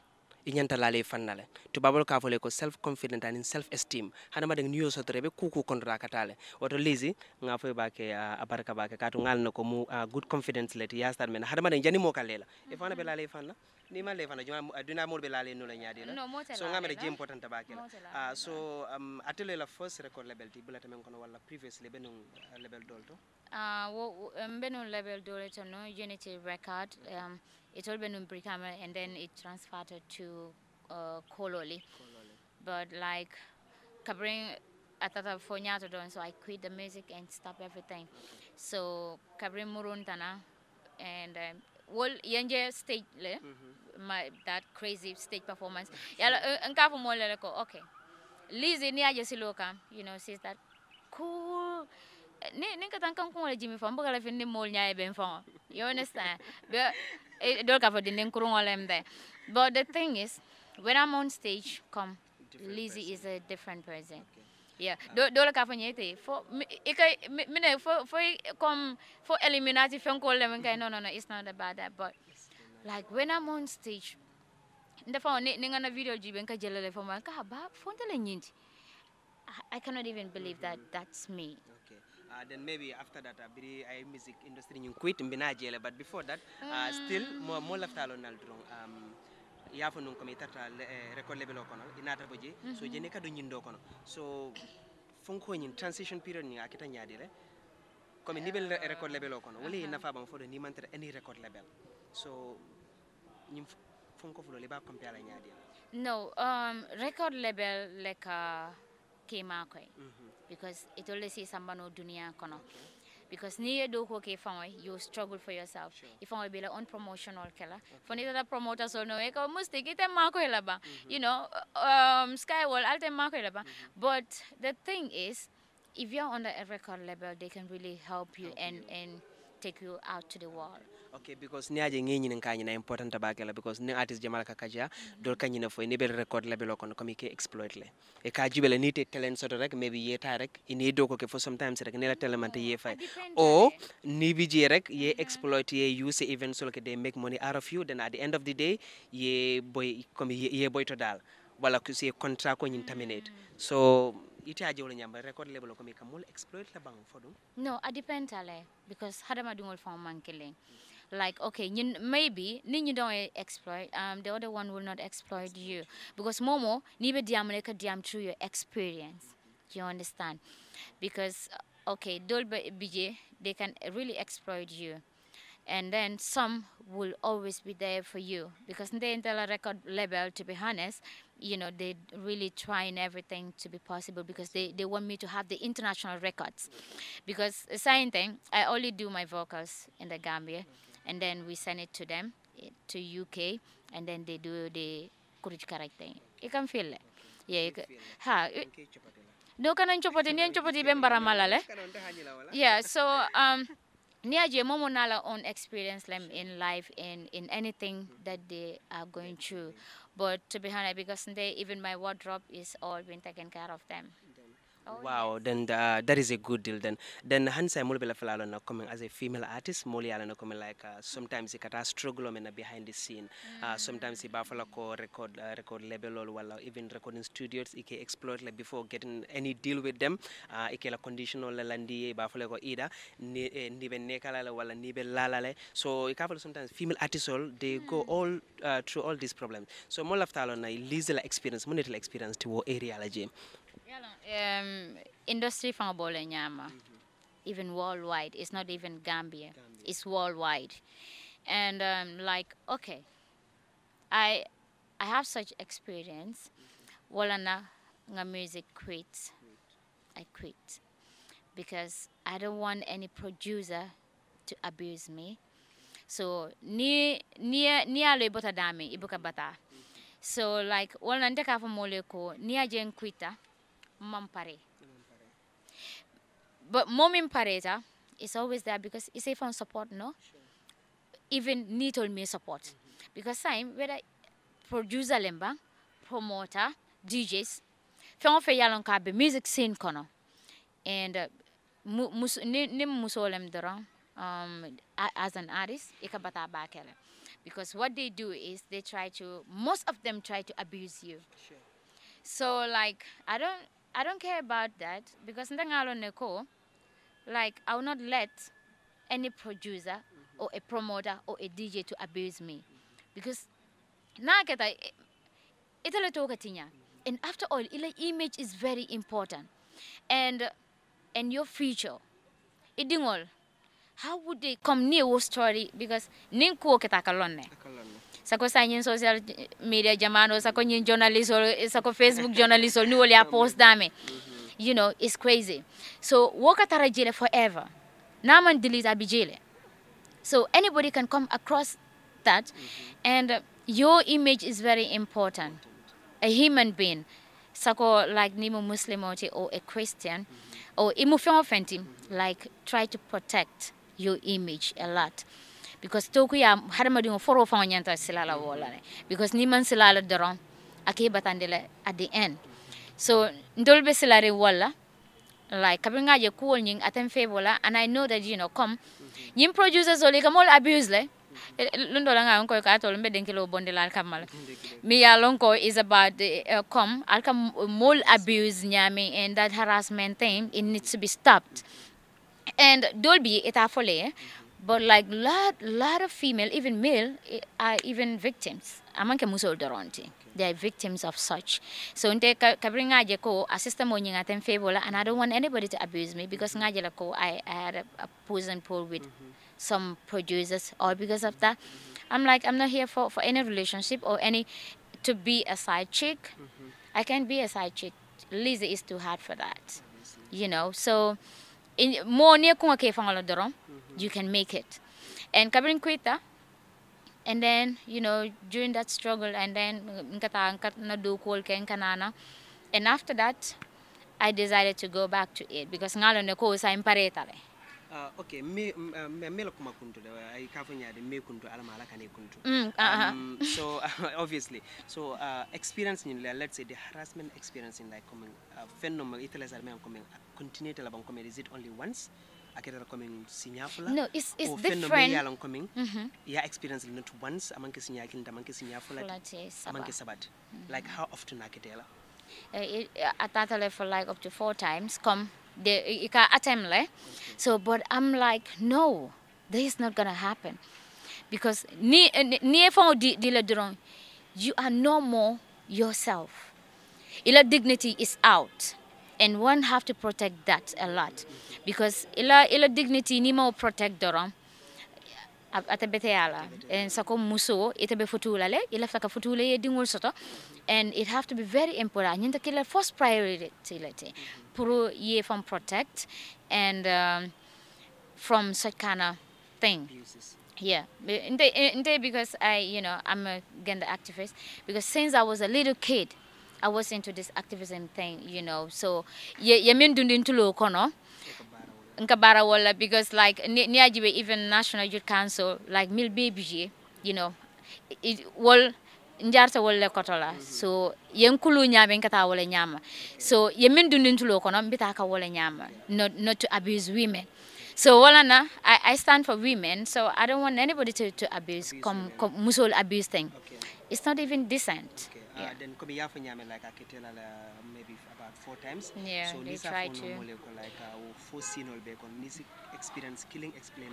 i ñantalale fannale tubabol ka fole ko self confident and self esteem hanama de niyo sotore be kuku kontra katale woto lisi nga fo a uh, abarka bake katu ngal na ko mu good confidence let yastar men hanama de janimo kalela e fana be lale fanna ni man le fana juma aduna mol be lale no la nyaade la no, so ngam re jim potan tabake la ah so um, atele la first record label ti bulata men kono wala previous label no uh, label dolto ah wo mbeno um, label dolto no unity record um it all been brikama and then it transferred to uh, kololi but like kabring atata fonyato don so i quit the music and stop everything so kabring muruntana and um, wol yanje stage there. mm -hmm my that crazy stage performance Yeah, nkafu molele ko okay Lizzie ni aje you know she's that cool ni ninka tan kan kungole Jimmy fam bugala fin ni mol nyaaye ben you understand but it don't cover the nin kurungole mbe but the thing is when i'm on stage come Lizzie is a different person okay. Yeah, do do la kafanya ite. For ika mine for for come for eliminati phone call them. Okay, no no no, it's not about that. But like when I'm on stage phone, ninga na video jibe nka jelele for my ka ba fondele nyinti I cannot even believe that mm-hmm. that's me. Okay. Uh, then maybe after that abiri uh, I music industry you quit mbina jele but before that uh, mm. still mo mo left alone um fo nun komi tata le, eh, record label kono inata bo je -hmm. so mm-hmm. jeni kadu nyindo kono so funko nyin transition period ni akita le kami nibel record label kono wali nafa bam fodo ni mantere any record label so funkofulo le ba compare no um record label like a kema ko mm -hmm. because it always is sambano dunia kono okay. because ni do ko ke fa you struggle for yourself sure. if i be like on promotional killer okay. for neither promoters or no eka musti kite ma ko laba mm-hmm. you know um skywall alte ma ko laba mm-hmm. but the thing is if you're on the record label they can really help you help and you. and take you out to the world okay because ni aje ngi ñin kañi na important tabake la because ni artist jamal mm-hmm. ka kaja dol na fo ni bel record la belo kon comme ke exploit le e ka jibele ni te talent soto rek maybe ye ta rek ini do ko ke fo sometimes rek ni la talent ye oh, fay o ni bi je rek ye mm-hmm. exploit ye use even so ke they make money out of you then at the end of the day ye boy comme ye boy to dal wala ko se contrat ko ni terminate mm. so ite aje wala nyamba record label ko mi kamul exploit la bang fodum no a depend ale because hadama dungol fo mankele mm. like okay you, maybe you don't exploit um, the other one will not exploit you because momo nibe diameleka diam through your experience you understand because uh, okay dolbe bj they can really exploit you and then some will always be there for you because the Intel record label to be honest you know they really trying everything to be possible because they, they want me to have the international records because the same thing i only do my vocals in the gambia and then we send it to them eh, to UK and then they do the kuruch You can feel Yeah, you ha. Eh, no kanan chopati ni le. Yeah, so um Nia momo nala own experience them in life in in anything hmm. that they are going through. But to be honest, because they even my wardrobe is all been taken care of them. Oh, wow, yes. then uh, that is a good deal. Then then hansa mulu bela na coming as a female artist mulu ala coming like uh, sometimes it kata struggle mena behind the scene. Uh, sometimes it buffalo ko record uh, record label or uh, even recording studios it can exploit like before getting any deal with them. Uh, can la conditional la landi buffalo ko ida ni eh, ni la wala ni be lalale. So it kafala sometimes female artists all they go hmm. all uh, through all these problems. So mo laftalo na ilizela experience monetary experience to area la um, industry from Abole Nyama, mm-hmm. even worldwide, it's not even Gambia, Gambia. it's worldwide. And um, like, okay, I, I have such experience. Mm-hmm. Wala na nga music quit. I quit because I don't want any producer to abuse me. So ni ni ni dami ibuka mm-hmm. bata. So like wala nitaka fa mole ko ni ajen quita. Mampare. But mom in Pareta is always there because it's a fun support, no? Sure. Even need all me support. Mm -hmm. Because time whether producer lemba, promoter, DJs, fɛn o fɛn yalɔn music scene kɔnɔ and uh, muso ne ne muso um, as an artist i ka because what they do is they try to most of them try to abuse you sure. so like i don't I don't care about that because Ndangalo Neko, like, I will not let any producer or a promoter or a DJ to abuse me. Because naketa itale toka tinya. And after all, image is very important. And and your future. Idingol. How would they come near your story? Because ninku ketakalone. Akalone sako sañin social media jamano sako ñin journalist or sako facebook journalist or ni post dame you know it's crazy so woka tara jele forever naman delete abi jele so anybody can come across that and your image is very important a human being sako like nimo muslim or a christian or imu fenti like try to protect your image a lot because to ku ya hadamadi di foro fa nyanta silala mm-hmm. wala because ni man silala doron ake la at the end so ndol be silare wala like nga je cool ning atem wala and i know that you know come mm-hmm. nyim producers ole kamol abuse le mm-hmm. eh, lundo la ngai ko ka to lumbe denki lo bonde la kamal mi ya lonko is about uh, come al kam eh, mol abuse nyame and that harassment thing it needs to be stopped and dolby eta fole but like lot lot of female even male eh, are even victims amanke muso doronti they are victims of such so nte kabringa je ko a system onye ngaten favola and i don't want anybody to abuse me because mm-hmm. ngaje i, I had a, a pull with mm -hmm. some producers all because of mm-hmm. that i'm like i'm not here for for any relationship or any to be a side chick mm -hmm. i can't be a side chick lizzie is too hard for that you know so in more near dorom you can make it and kabrin kwita and then you know during that struggle and then nkata na do kol ke kanana and after that i decided to go back to it because ngalo ne ko sa impareta le eh. Uh, ok me uh, me la kuma kuntu da ai ah, kafin yare me kuntu alama alaka ne kuntu mm, uh-huh. um, so uh, obviously so uh, experience in let's say the harassment experience in like coming uh, phenomenon itala sarme coming continue to laban coming is it only once akitara coming sinya fula no it's it's or different ya long coming mm -hmm. ya experience not once amanke sinya kinda amanke sinya fula amanke sabat mm -hmm. like how often akitela uh, eh, it, uh, eh, at that level like up to four times come the, you can So, but I'm like, no, this is not gonna happen, because ni ni you are no more yourself. Your dignity is out, and one have to protect that a lot, because ila ila dignity ni mo protect doron. atabete yala and sako muso itabe futula le ila saka futule ye dingul soto and it have to be very important It is kila first priority Puru Ye from Protect and um, from of thing. Yeah, because I, you know, I'm a gender activist. Because since I was a little kid, I was into this activism thing, you know. So, yeah, I'm into because like Niajibe even National Youth Council like Mil you know, it, will. njarta wolle kotola mhm. so yen kulu en kata wole nyaama so ye min dundintulo kono mbita ka wole nyaama not, not to abuse women so walana I, i stand for women so i don't want anybody to, to abuse, come com, musol abuse thing okay. it's not even decent okay. Uh, yeah. then like uh, maybe about four times yeah, so nisa try like uh, experience killing explain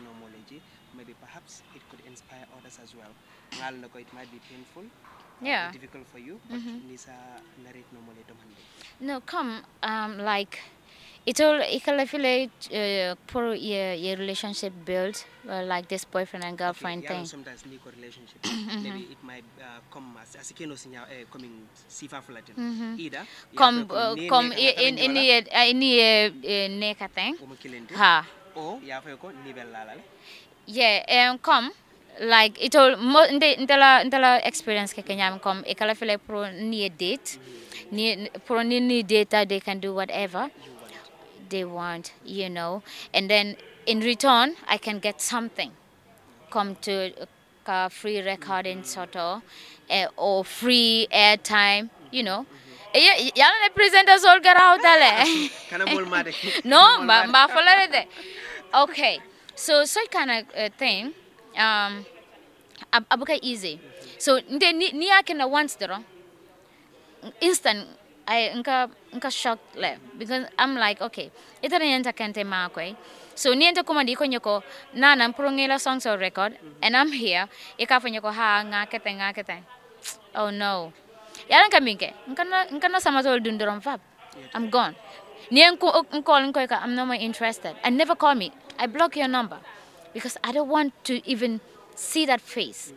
maybe perhaps it could inspire others as well ngal no it might be painful yeah. difficult for you, but mm -hmm. narrate normally No, come, um, like, it all, it can feel uh, poor your, your relationship built, uh, like this boyfriend and girlfriend okay, thing. Yeah, sometimes new relationship. Mm-hmm. Maybe it might uh, come as, as you know, uh, coming sifa flatin. Mm -hmm. Either. Come, uh, come in in uh, in in uh, uh, thing. Ha. Or yeah, for your nibel lalale. Yeah, um, come like it all. mo inte intela intela experience keke nyam kom ikala fele pro ni date ni pro ni ni data they can do whatever they want you know and then in return i can get something come to uh, free recording sort of uh, or free airtime you know eh, yalla ne all sol garaw dale kana mol made no ma ma follow de okay so so kind of uh, thing um, abuka easy so nde ni, ni yake na once dero instant I nka nka shock le because I'm like okay ita yenta enta kente makwe so ni enta kuma diko nyoko na na mprongela songs or record and I'm here ikafa nyoko ha nga kete oh no yara nka minke na samato samatol dundorom fab I'm gone ni enko nko ka I'm not interested and never call me I block your number because I don't want to even see that face.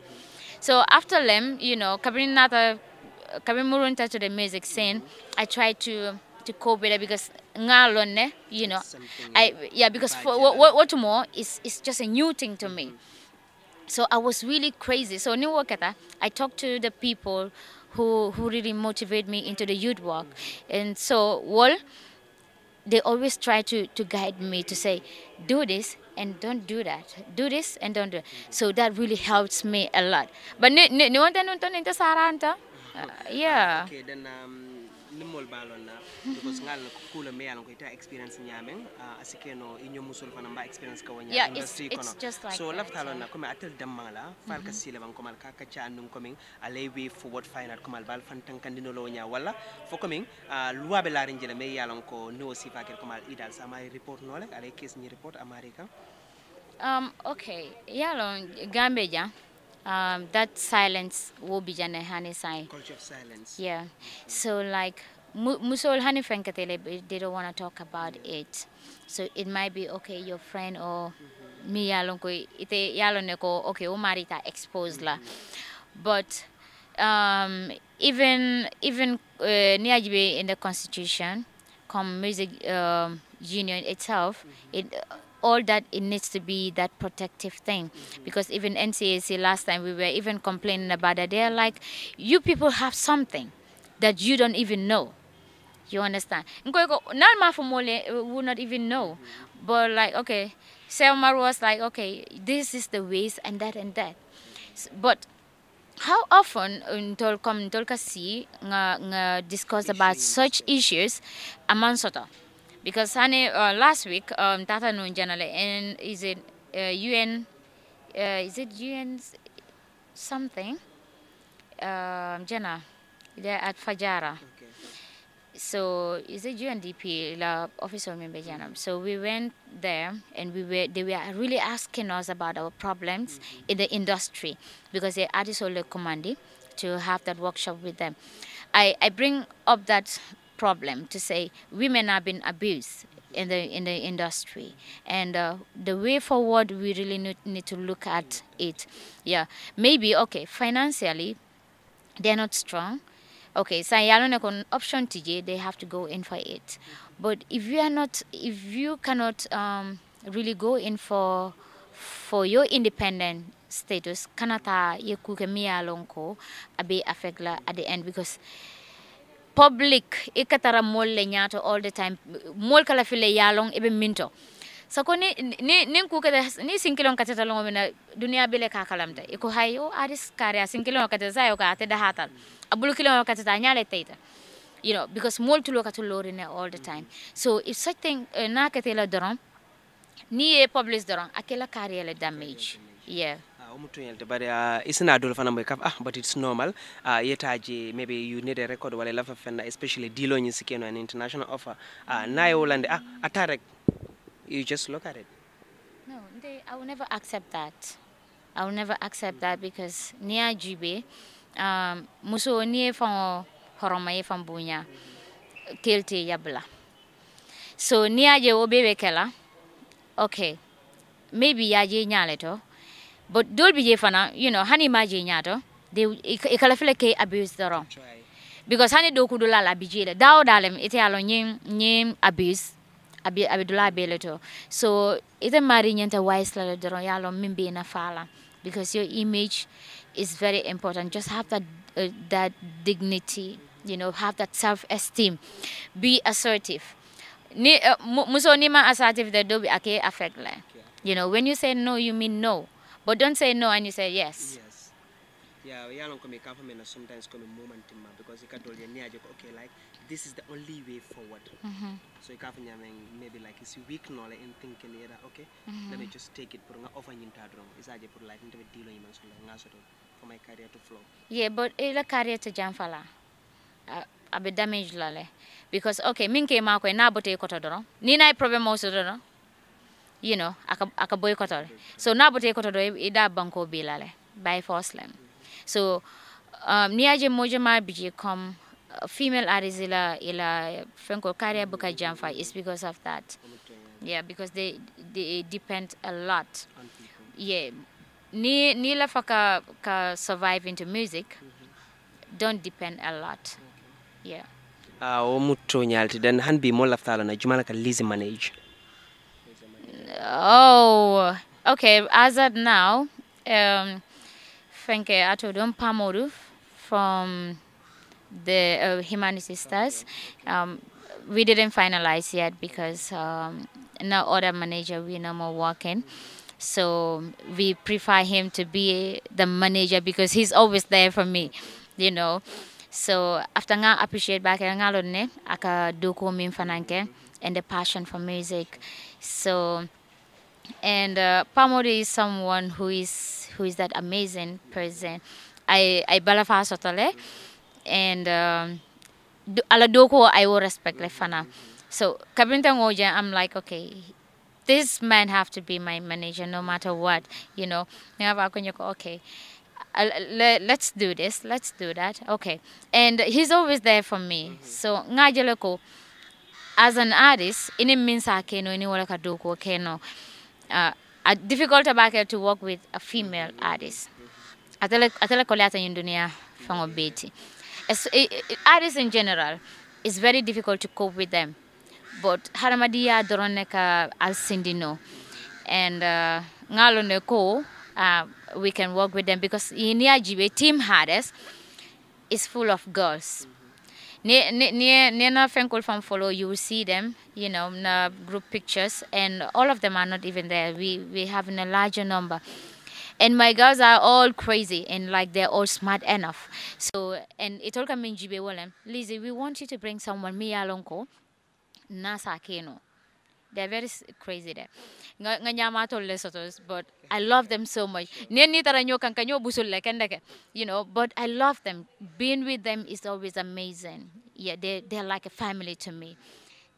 So after them, you know, Kabrin Nata, Kabrin Murunta the music scene, I tried to to cope with it because ngalone, you know, I yeah because for, what, what more is is just a new thing to me. So I was really crazy. So in worker, I talked to the people who who really motivate me into the youth work, and so well, they always try to to guide me to say, do this, and don't do that. Do this and don't do it. So that really helps me a lot. But ni ni ni wanta nonton into saranta. Uh, yeah. Okay, then um limmol balon na because ngal kula me yalan ko ita experience nyamen uh, asike no inyo musul fana mba experience ka wanya yeah, industry kono like so left halon na kuma atel damala fal mm-hmm. ka sile ban komal ka kacha nun coming alay way forward final komal bal fan tan kandino lo nya wala fo coming uh, luwa be larin jele me yalan ko no sifa ker komal idal sama report nole alay case ni report america um okay yalon gambe ja um, that silence will be jana hani sai. Culture of silence. Yeah. Mm -hmm. So like musol hani frankatele, they don't want to talk about it. So it might be okay, your friend or mm-hmm. me yalon ko ite yalon ko okay, umarita exposed la. Mm-hmm. But um, even even uh, in the constitution, come music um, union itself, mm -hmm. it all that it needs to be that protective thing because even NCAC last time we were even complaining about that they're like you people have something that you don't even know you understand not my family would not even know but like okay Selma was like okay this is the ways and that and that but how often in kom ntol kasi discuss about such issues among soto because uh, last week um, Tata general and is it uh, UN uh, is it UN something um, Jana they're at Fajara so is it UNDP the office of member Jana so we went there and we were they were really asking us about our problems mm -hmm. in the industry because they added Sole Commandi to have that workshop with them I, I bring up that problem to say women have been abused in the in the industry and uh, the way forward we really need, need to look at it yeah maybe okay financially they're not strong okay so yalone kon option tj they have to go in for it but if you are not if you cannot um, really go in for for your independent status kanata yekuke miyalonko abe affect at the end because public ika katara mol le ñaato all the time mol kala file yaalong i be minto sako ni ni ni ka ni sinkilon tata longo mena dunia bele ka kalamta iko hay o adis kare sinkilon tata sayo ka da hatal abul kilon tata nyale teita you know because mol tulo tulo ne all the time so if such thing eh, na ka tela doron ni e publish doron akela kare le damage yeah o muttoñelde mbaɗe it's not dole fana moy kaf ah but it's normal uh, yetaji uh, maybe you need a record walla lafa fenna especially diloñi sikkeno an international offer uh, naye wolande ah ata rek you just look at it no i will never accept that i will never accept that because niya jibe um, muso ni fan horoma ye fan bunya telte yabla so niya je wo bebe okay maybe yaje nyale to but dol bi fana you know hani maji nyato they ikala fele ke abuse the wrong. because hani do kudula la bijile dawo dalem ite alo nyim nyim abuse abi abidula beleto so ite mari nyenta wise la doro yalo mimbe na fala because your image is very important just have that uh, that dignity you know have that self esteem be assertive ni uh, muso ni ma assertive the do be ake affect la you know when you say no you mean no but don't say no and you say yes. Yes. Yeah, we are not coming government and sometimes come a moment because you can't tell you okay, like this is the only way forward. Mm-hmm. So you can't maybe like it's weak knowledge in thinking that okay, mm-hmm. let me just take it for offer in tadrong. Is that for like into a deal in for my career to flow. Yeah, but eh, a career to jamfala. Uh, be damaged lale because okay minke mako na bote ko to doron ni na problem mo you know aka aka boycotol so na bote ko to do ida banko bilale by force lem so um aje moja ma biji kom uh, female arizila ila ila fenko buka jamfa is because of that yeah because they they depend a lot yeah ni ni la faka ka survive into music don't depend a lot yeah uh, ah, o mutto nyalti den han bi mo laftala na jumala ka lisi manage oh okay as of now um you Atodon Pamoruf from the uh, Himani sisters um, we didn't finalize yet because um, no other manager we no more working so we prefer him to be the manager because he's always there for me you know so after nga appreciate back nga lonne aka doko min fananke and the passion for music so and uh, Pamodi is someone who is who is that amazing person. I I balafa sotole and um, aladoko I will respect lefana. So kabinta ngoja I'm like okay this man have to be my manager no matter what you know okay let's do this let's do that okay and he's always there for me mm-hmm. so ngajeleko as an artist ini means akeno ini wala kadoko keno uh, difficult abake to work with a female artist atele atele kolata yundunia fango beti. artists in general it's very difficult to cope with them but haramadiya doroneka al sindino and uh, ngalo neko uh, we can work with them because inia jibe Team hardest is full of girls. near, near, near na Fenkol Farm Follow, you will see them, you know, na group pictures, and all of them are not even there. We, we have in a larger number. And my girls are all crazy and like they're all smart enough. So, and it all comes in Jibe Lizzie, we want you to bring someone, me alonko, Nasa Keno. They're very crazy there. Nga to Lesotos, but I love them so much. Neni taranyo kanyo busul kendeke. you know, but I love them. Being with them is always amazing. Yeah, they, they're like a family to me.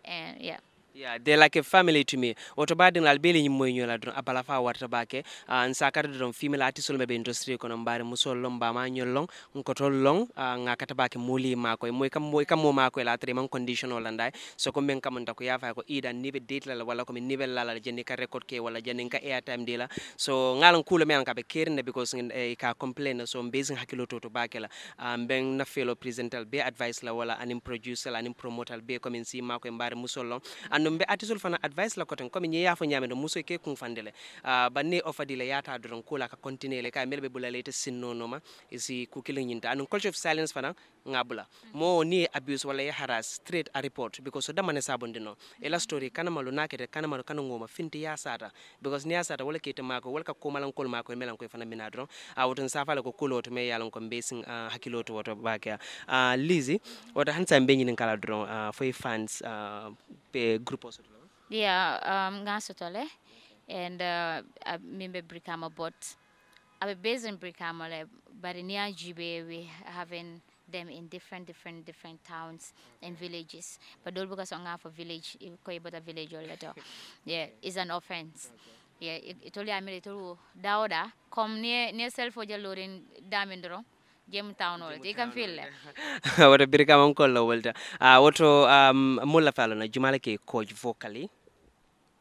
And yeah. yeah they like a family to me woto baden lal bele nyimmo nyola don abala fa warta bake uh, ah, nsa kata don female artist be industry kono mbare musol lom ba ma long nko tol long uh, ah, nga kata bake muli mako e moy kam moy kam mo mako la tre condition wala ndai so ko men kam nda ko yafa ko ida nibe date la wala ko nibe la la jeni ka record ke wala jeni ka airtime de la so ngalan kula men ka be kerna because eh, ka complain so basing hakilo toto bake la ah, ben na fellow presenter be advice la wala anim producer anim promoter be ko men si mako e mbare musol long lumbe atisul fana advice la koten comme ñi fo ñame do muso ke kun fandele le ah, banne ofadi le yata do don kula ka continuer le ka melbe bulale te sinno sinnonoma isi ku ñinta yinta an culture of silence fana ngabula mo ni abuse wala ya haras straight a report because damane mane sabon dino ela story kana malu na kete kana malu kana ngoma finti ya sata because ni ya sata wala kete mako wala ka malan kol mako melan ko fana mina dron a wotun safala ko kulot me yalan ko besin hakiloto woto bakia a lizi wata hansa mbe nin kala dron uh, foi e fans pe grupo soto yeah um ngasotole and uh, mimbe brikama bot abe based in brikama le but ni ajibe we haven't them in different, different, different towns okay. and villages. But don't because on half a village, you call a village or oh. letter. Yeah, okay. it's an offense. Okay. Yeah, it, it only I made it through Dauda, come near near self for your loading damindro. Game town or they can feel what a big amount call Walter. Uh, uh, what uh, um, Mulla Fallon, uh, coach vocally.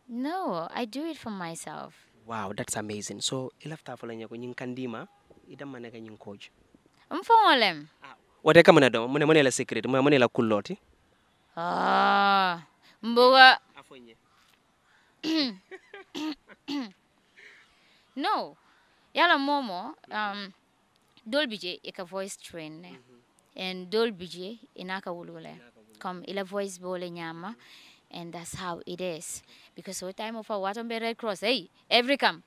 No, I do it for myself. Wow, that's amazing. So, ilafta falanya ko nying kandima, idam manaka nying coach. Mfongolem. Ah, wote ka mune doma mune mune la secret mune mune la kuloti ah mboga afonye no yala momo um, dolbi je voice train mm -hmm. and dolbi je inaka wulule come ila voice bole nyama and that's how it is because what time of a water red cross hey every come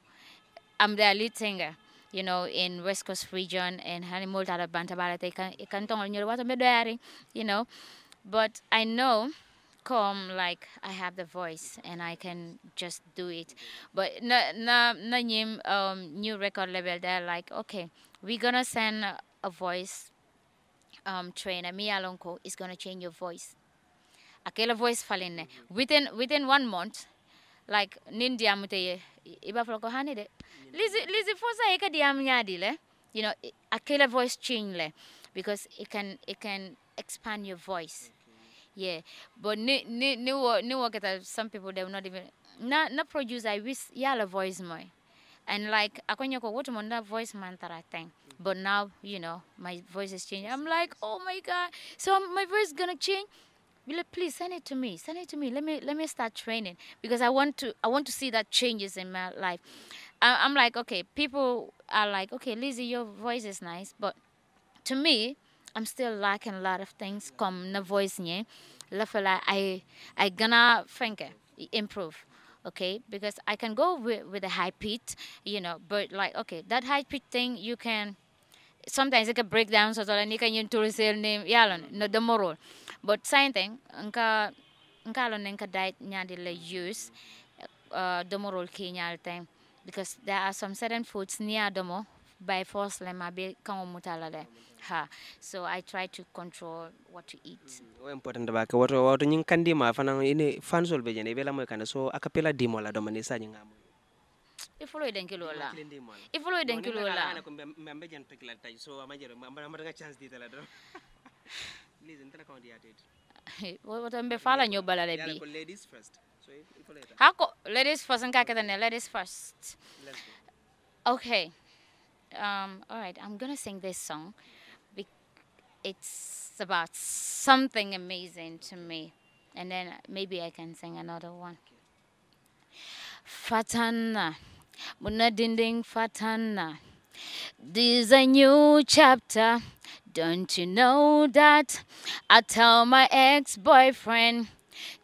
i'm the lead singer you know, in West Coast region and Hanimul Tarabantabarate, Kantong me Medoyari, you know. But I know come like I have the voice and I can just do it. But na na na nyim um new record label they're like, okay, we're gonna send a voice um trainer, Mia Lonko is gonna change your voice. Akela voice falling within within one month like nindi amuteye ibafuloko de. lizi lizi fosa eka diamnyadile you know akela voice chingle because it can it can expand your voice okay. yeah but new ni ni wo ni some people they will not even na na produce i wish yala voice more and like akonya ko what mon that voice man that I think but now you know my voice is changing i'm like oh my god so my voice is gonna change please send it to me. Send it to me. Let me let me start training because I want to I want to see that changes in my life. I, am like, okay, people are like, okay, Lizzie, your voice is nice, but to me, I'm still lacking a lot of things. Come na voice nye, lafela I I gonna think improve. Okay, because I can go with, with a high pitch, you know, but like okay, that high pitch thing you can sometimes ika break down so tola nika yin tourism name yalon no the moral but same thing nka nka lon nka diet nyandi la use uh, the moral kenyal time because there are some certain foods near domo by force le mabe kan mutala le ha so i try to control what to eat mm, what important ba ke wato wato nyin kandi ma ine fansol be jene be la moy kana so akapela dimo la domo ni sa ifoloyden kilola ifoloyden kilola mbejan pekla tay so amajere ambatanga chance ditala do please ntala kaunti yatet wata mbe fala nyo balale bi ladies first so ifoleta hako ladies first nka ketane ladies first okay um all right i'm going to sing this song it's about something amazing to me and then maybe i can sing another one okay. fatana Munadinding Fatana. This is a new chapter. Don't you know that? I tell my ex boyfriend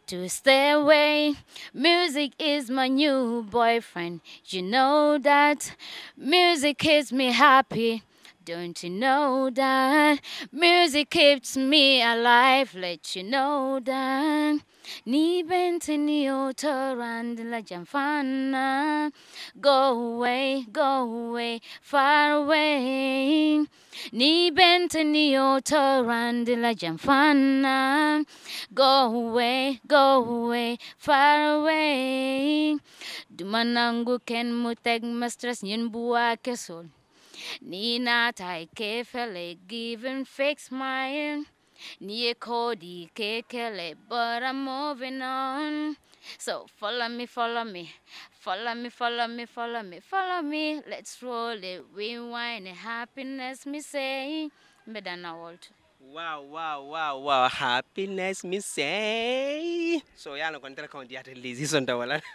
to stay away. Music is my new boyfriend. You know that? Music keeps me happy. Don't you know that? Music keeps me alive. Let you know that. Ni bentini jamfana. Go away, go away, far away. Ni bentini jamfana. Go away, go away, far away. Dumanangu ken muteg mistress nyin kesol. Nina tai kefele give fix mine. Niye kodi kekele, but I'm moving on. So follow me, follow me, follow me, follow me, follow me, follow me. Let's roll it, rewind it, happiness, me say. Better now, world. Wow, wow, wow, wow. Happiness, me say. So yeah, I'm going to nitaka kaundi yate lizi hizo ndawala.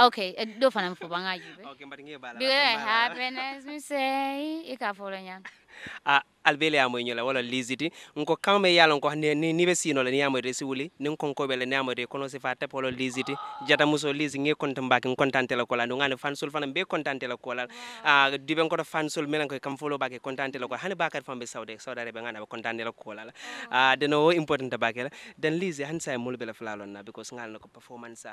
Okay, I don't know do fana mfubangaji. Okay, mbatingie bala. Do happiness, me say. You Ikafolonyana. a albeleyamoye ñola walla lisiti nko kamɓe yalon ko ni ɓe sinola ni yamoyde si wuli nin konkoɓele ni yamoyde kono si fa tep holo lisiti jata muso lisi ge konta mbaki contantela kola ndu gani fansol fana mbe contantela kolal diɓen koto fansol melen koye kam folo bake la kola hani bakati famɓe sawde sawdare ɓe gani ɓe contantela kolal deno o important baki la den lisi hani sa mulɓele flalon na because galano ko performance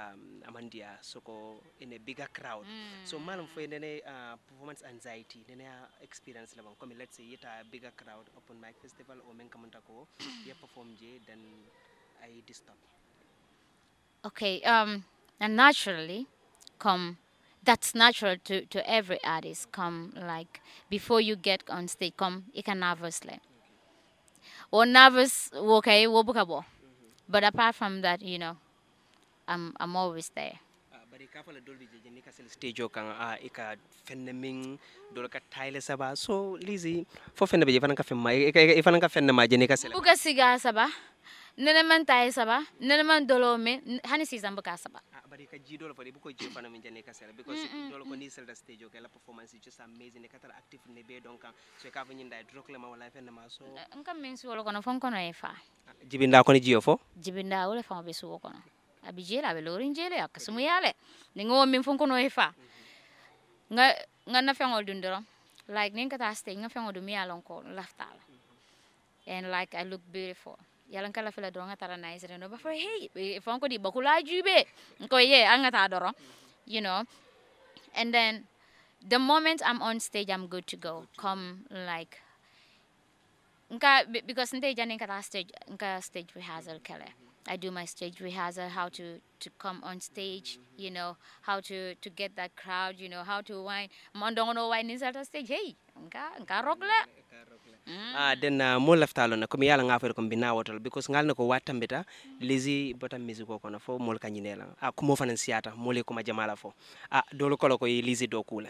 amandiya soko ene bigger crowd so mm. malum foye ndene performance anxiety ndene experience la laban comme let's say get a bigger crowd upon my festival omen men kamunta ko oh, ya perform je then I disturb. Okay, um, and naturally, come. That's natural to, to every artist. Come like before you get on stage, come you can nervously. Or nervous, okay, wo mm-hmm. But apart from that, you know, I'm I'm always there. bari ka fala dol bi je ni ka sel stage o kan a ah, e ka fenne min dol ka tayle saba so lizi fo fenne be je e fanan ka fen ma e, e fanan ka fenne ma je ni ka sel buga siga saba nene man taye saba nene man dolo me hani season buka saba ah, bari ka ji dolo fo bu ko je fanan min je ka sel because mm, mm, dolo ko mm. ni sel da stage o ka la performance just amazing ne ka active ne be donc so e ka fanyi ndai drok le ma wala fenne ma so eh, nkam min si wolo kono fon kono e fa ah, jibinda kono jiyo fo jibinda wala fa be su kono aɓe jeela aɓe lorin jeele akka sumo yaale nde gowon min fof kono e fa nga ganna feŋol dum doron like nin kata stay nga feŋo dum yalon ko laftala and like i look beautiful yalan kala fela doron nga tara nice reno ba for hey fon ko di bakula jube ko ye an nga ta doron mhm. you know and then the moment i'm on stage i'm good to go come like nka because nte jani kata stage nka stage rehearsal kele mm -hmm. I do my stage rehearsal, how to, to come on stage, mm-hmm. you know, how to, to get that crowd, you know, how to wine. Mondono wine is at a stage, hey, nga rogla. Uh, mm. ah, then uh, mo lefta lona komi yala nga fere kom bina wotol because ngal ko watta mbeta lezi bota music ko kono fo mol kanyinela a uh, kumo fanan siata mole ko majamala fo a ah, dolo kolo ko lezi do kula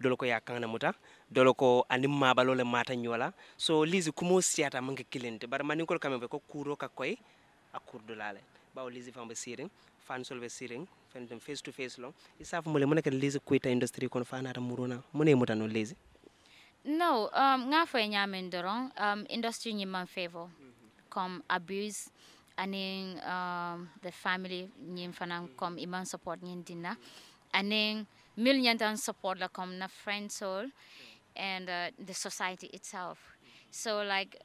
dolo ko ya kana muta dolo ko anim mabalo le mata nyola so lizi kumo siata mangi kilente bar manin ko kambe ko kuro ka koy a kurdulale bawo lisi fambe siring fan solve siring fen dum face to face long isaf mole mona ke lisi kuita industry kon fanata muruna ne mutano lisi no um nga fo nyamen doron um industry ni man favor mm -hmm. comme abuse aning um the family ni fanan comme iman support ni dina aning mil nyantan support la comme na friend soul and uh, the society itself so like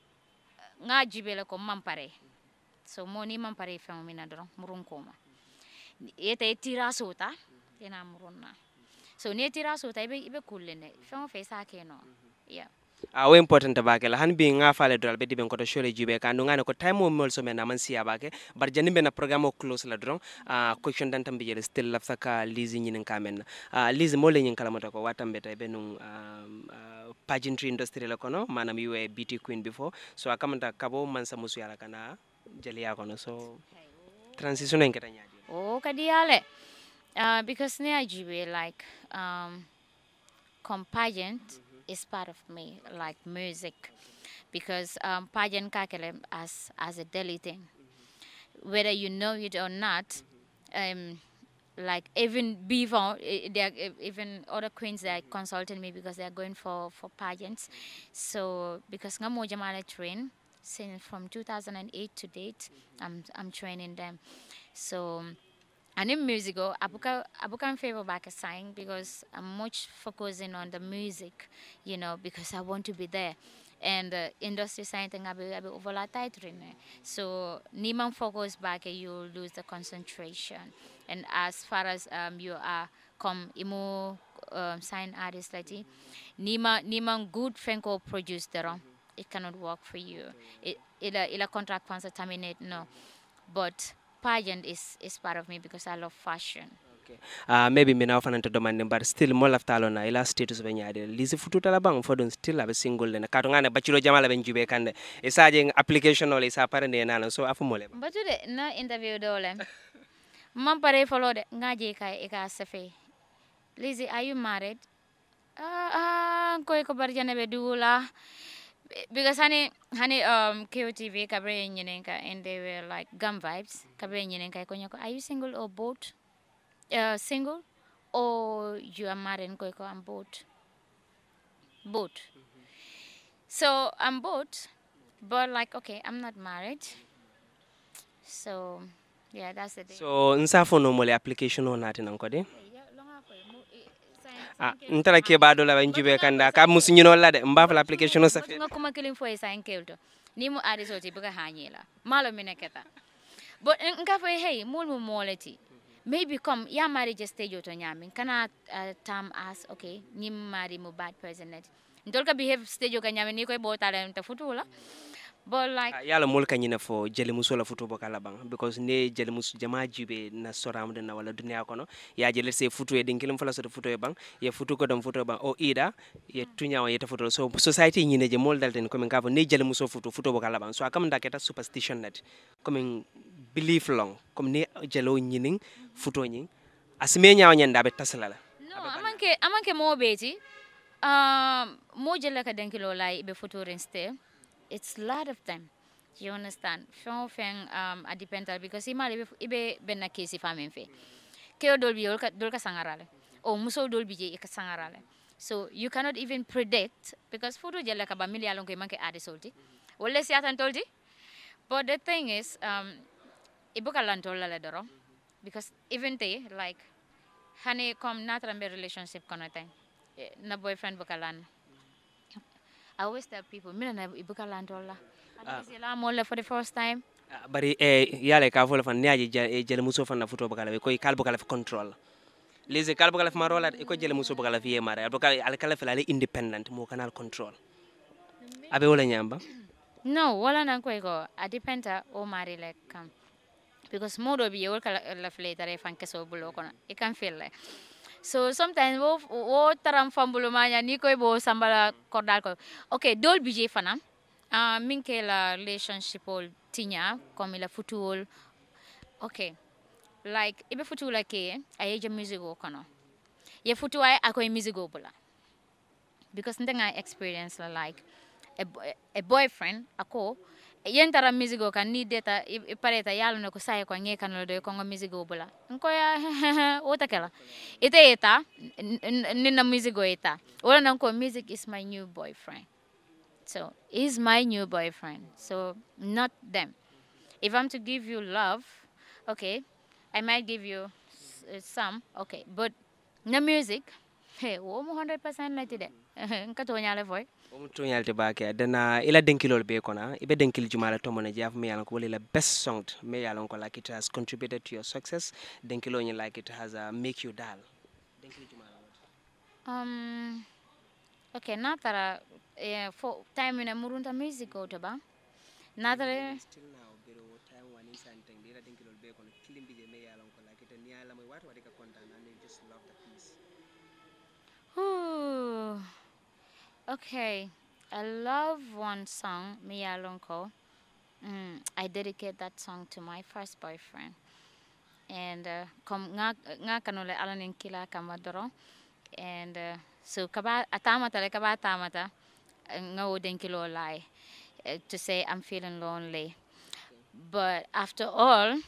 nga jibele ko mampare mm -hmm so mo ni man pare fɛn min na dɔrɔn murun ko ma e tɛ i tira so ta e na murun na so ni e tira so ta i bɛ i bɛ kulen dɛ s'a ke no ya a ah, we important ba ke la han bi nga fa le doral be ko to shole jube ka no ngane ko time mo mol so me na man siya ke bar jani be na programme o close la dron a ah, question dan tambe jere still la fa ka lizi nyin ka men a ah, lizi le nyin kala mata ko watam be tay be nun um, pageantry industry la kono manam yu e beauty queen before so akamanta kabo man sa musu yala kana Jaliya so transition en keɗa ñaaji o kadi yaale uh, ah, because ne ajibe like um, compagent mm -hmm. is part of me like music because um, pageant kakele as as a daily thing mm-hmm. whether you know it or not mm-hmm. um, like even before eh, they are, eh, even other queens they are mm-hmm. consulting me because they are going for for pageants so because ngamoja mala train since from 2008 to date I'm I'm training them so and in musical, oh, Abuka, Abuka and Favor back a sign because I'm much focusing on the music, you know, because I want to be there. And uh, industry sign thing, I be, I be overlapped eh. So, Niman focus back, you lose the concentration. And as far as um, you are come emo um, sign artist, like, Niman, Niman good Franco produced the oh. wrong. it cannot work for you. It, it, a contract kwanza terminate, no. But pageant is, is part of me because I love fashion. Uh, maybe me now fananta domande but still mo laftalo na ila status be nyaade lisi fututa la bang fodon still abe single na kato ngane bachelor jamala ben jube kande isa je application ole isa parende nana so afu mole batude no interview dole mam pare folode ngaje kay eka ka sefe lisi are you married ah uh, ah uh, ko ko barjane be duula because honey honey um KOTV kabre nyenenka and they were like gum vibes kabre nyenenka ko are you single or both uh, single or you are married nkoiko I'm both both so I'm both but like okay I'm not married so yeah that's the thing so nsafo normally application onati nankode yeah, ah ntara ke la ɓen juɓe kanda ka musiñinolla de mbafala application o safi ga kuma kilim fo e sa en kewto ni mo arisoti buga hañila malo mine keta bo nka fo hey mul mo moleti maybe comme ya marriage stage o to ñamin kana ah, tam as okay ñim mari mu bad person net ndol ka behave stage o ka ñamin ni koy botala ta futula mm -hmm but like uh, yala mol kanyina fo jeli muso la futu bokala bang because ne jeli muso jama jibe na soram de na wala dunya kono ya jeli se futu e dinkilim fala so futu e bang ye futu ko dam futu bang o ida ye hmm. tunya wa yeta futu so society nyine je mol dalten comme ngavo ne jeli muso futu futu bokala bang so akam ndaketa superstition net comme belief long comme ne jelo nyinin futu nyin asime nyaaw nyanda be taslala no amanke amanke mo beji um ah, mo jela ka dankilo lay be futu renste It's a lot of them. you understand? Fɛn o fɛn um, a depend a because i m'ale i bɛ bɛn na kesi fan min fɛ. Keo dɔw bɛ yen olu ka sangara la. O oh, musow dɔw So you cannot even predict because fudu jɛla ka ban mili alon ko i man kɛ adi solti. O le tolti. But the thing is, um, i bɛ ka lantɔ Because even they like, hani comme n'a taara relationship kɔnɔ tan, eh, na boyfriend bɛ lan. I always tell people, mina na ibuka landola. Adizila ah. molle for the first time. Ah, Bari eh yale ka fola fan niaji jele muso fan na futo bakala ko kal bakala control. Lise kal bakala marola ko jele muso bakala fiye mara. Bakala al kala fala independent mo kanal control. Abe wala nyamba. No, wala nan ko iko. A dependa o mari um, le kam. Because modo bi yol kala la fleta re fan keso bulo kono. i e kan feel like so sometimes wo wo taram fambulo manya ni koy bo sambala cordal ko okay dol budget fana uh, ah, min ke la relationship ol tinya comme la futuol okay like ibe futula ke ayeje je musico kono ye futu ay akoy musico bula because ndenga experience la like a, a boyfriend ako yentara mizigo kan ni deta i pareta ye a ne ko saa ye kwa ŋe kana lo do i koŋo bula nkoya wo ta kala ite eta ta ni na misigo ye wala wo ko music is my new boyfriend so is my new boyfriend so not them if i'm to give you love okay i might give you some okay but na music hey wo mo 100% na ti de nka to nyaale voy o toñalde baake adana ila denkilol be kono ibe denkil jumala tomone jaaf mi yalan ko wala ila best song mi yalan ko like it has contributed to your success denkilo ñi like it has uh, make you dal denkil jumala um okay na tara eh, fo time ne murunta music o ba na tara still now bero time wani san tang dira denkilol be kono kilimbi je mi yalan ko like it ni yalan mo wat wadi ka kontan and just love the peace Ooh. Okay, I love one song, Mia Lonko. Mm, I dedicate that song to my first boyfriend. And uh, kom nga kanule alanin kila kamadoro. And uh, so kaba atamata le kaba atamata eh, nga woden kilo lie eh, to say I'm feeling lonely. But after all,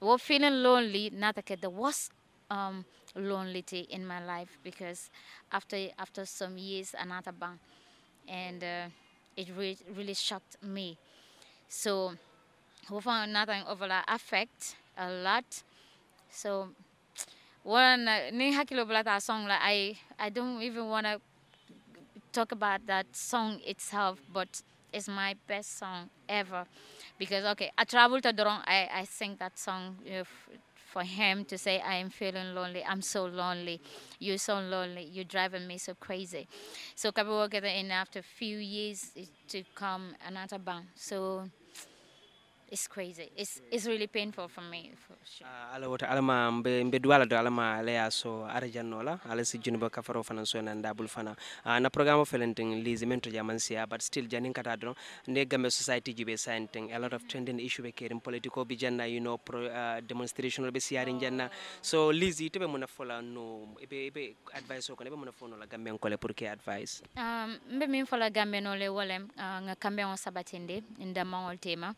we're feeling lonely, not like the worst um, lonely in my life because after after some years another bank and uh, it really, really shocked me so over another overall affect a lot so one that uh, song like I I don't even want to talk about that song itself but it's my best song ever because okay I traveled to Dorong I, I sing that song for him to say, I am feeling lonely. I'm so lonely. You're so lonely. You're driving me so crazy. So will get in after a few years to come another band. So it's crazy. It's mm. it's really painful for me for sure. Ah, ala wota alama mbe mbe duala do alama le aso arjanno la ala si junuba kafaro fana so ah, na dabul fana na programme felenting lizi mento ya mansia but still janin kata don ne gambe society jibe santing a lot of trending issue be kerim political bi janna you know pro, uh, demonstration be siari janna oh. so lizi tebe muna fola no ebe ebe advice ko ebe be muna fono la gambe onkole pour ke advice um mbe min fola gambe no le wolem uh, nga on sabatende inda mangol tema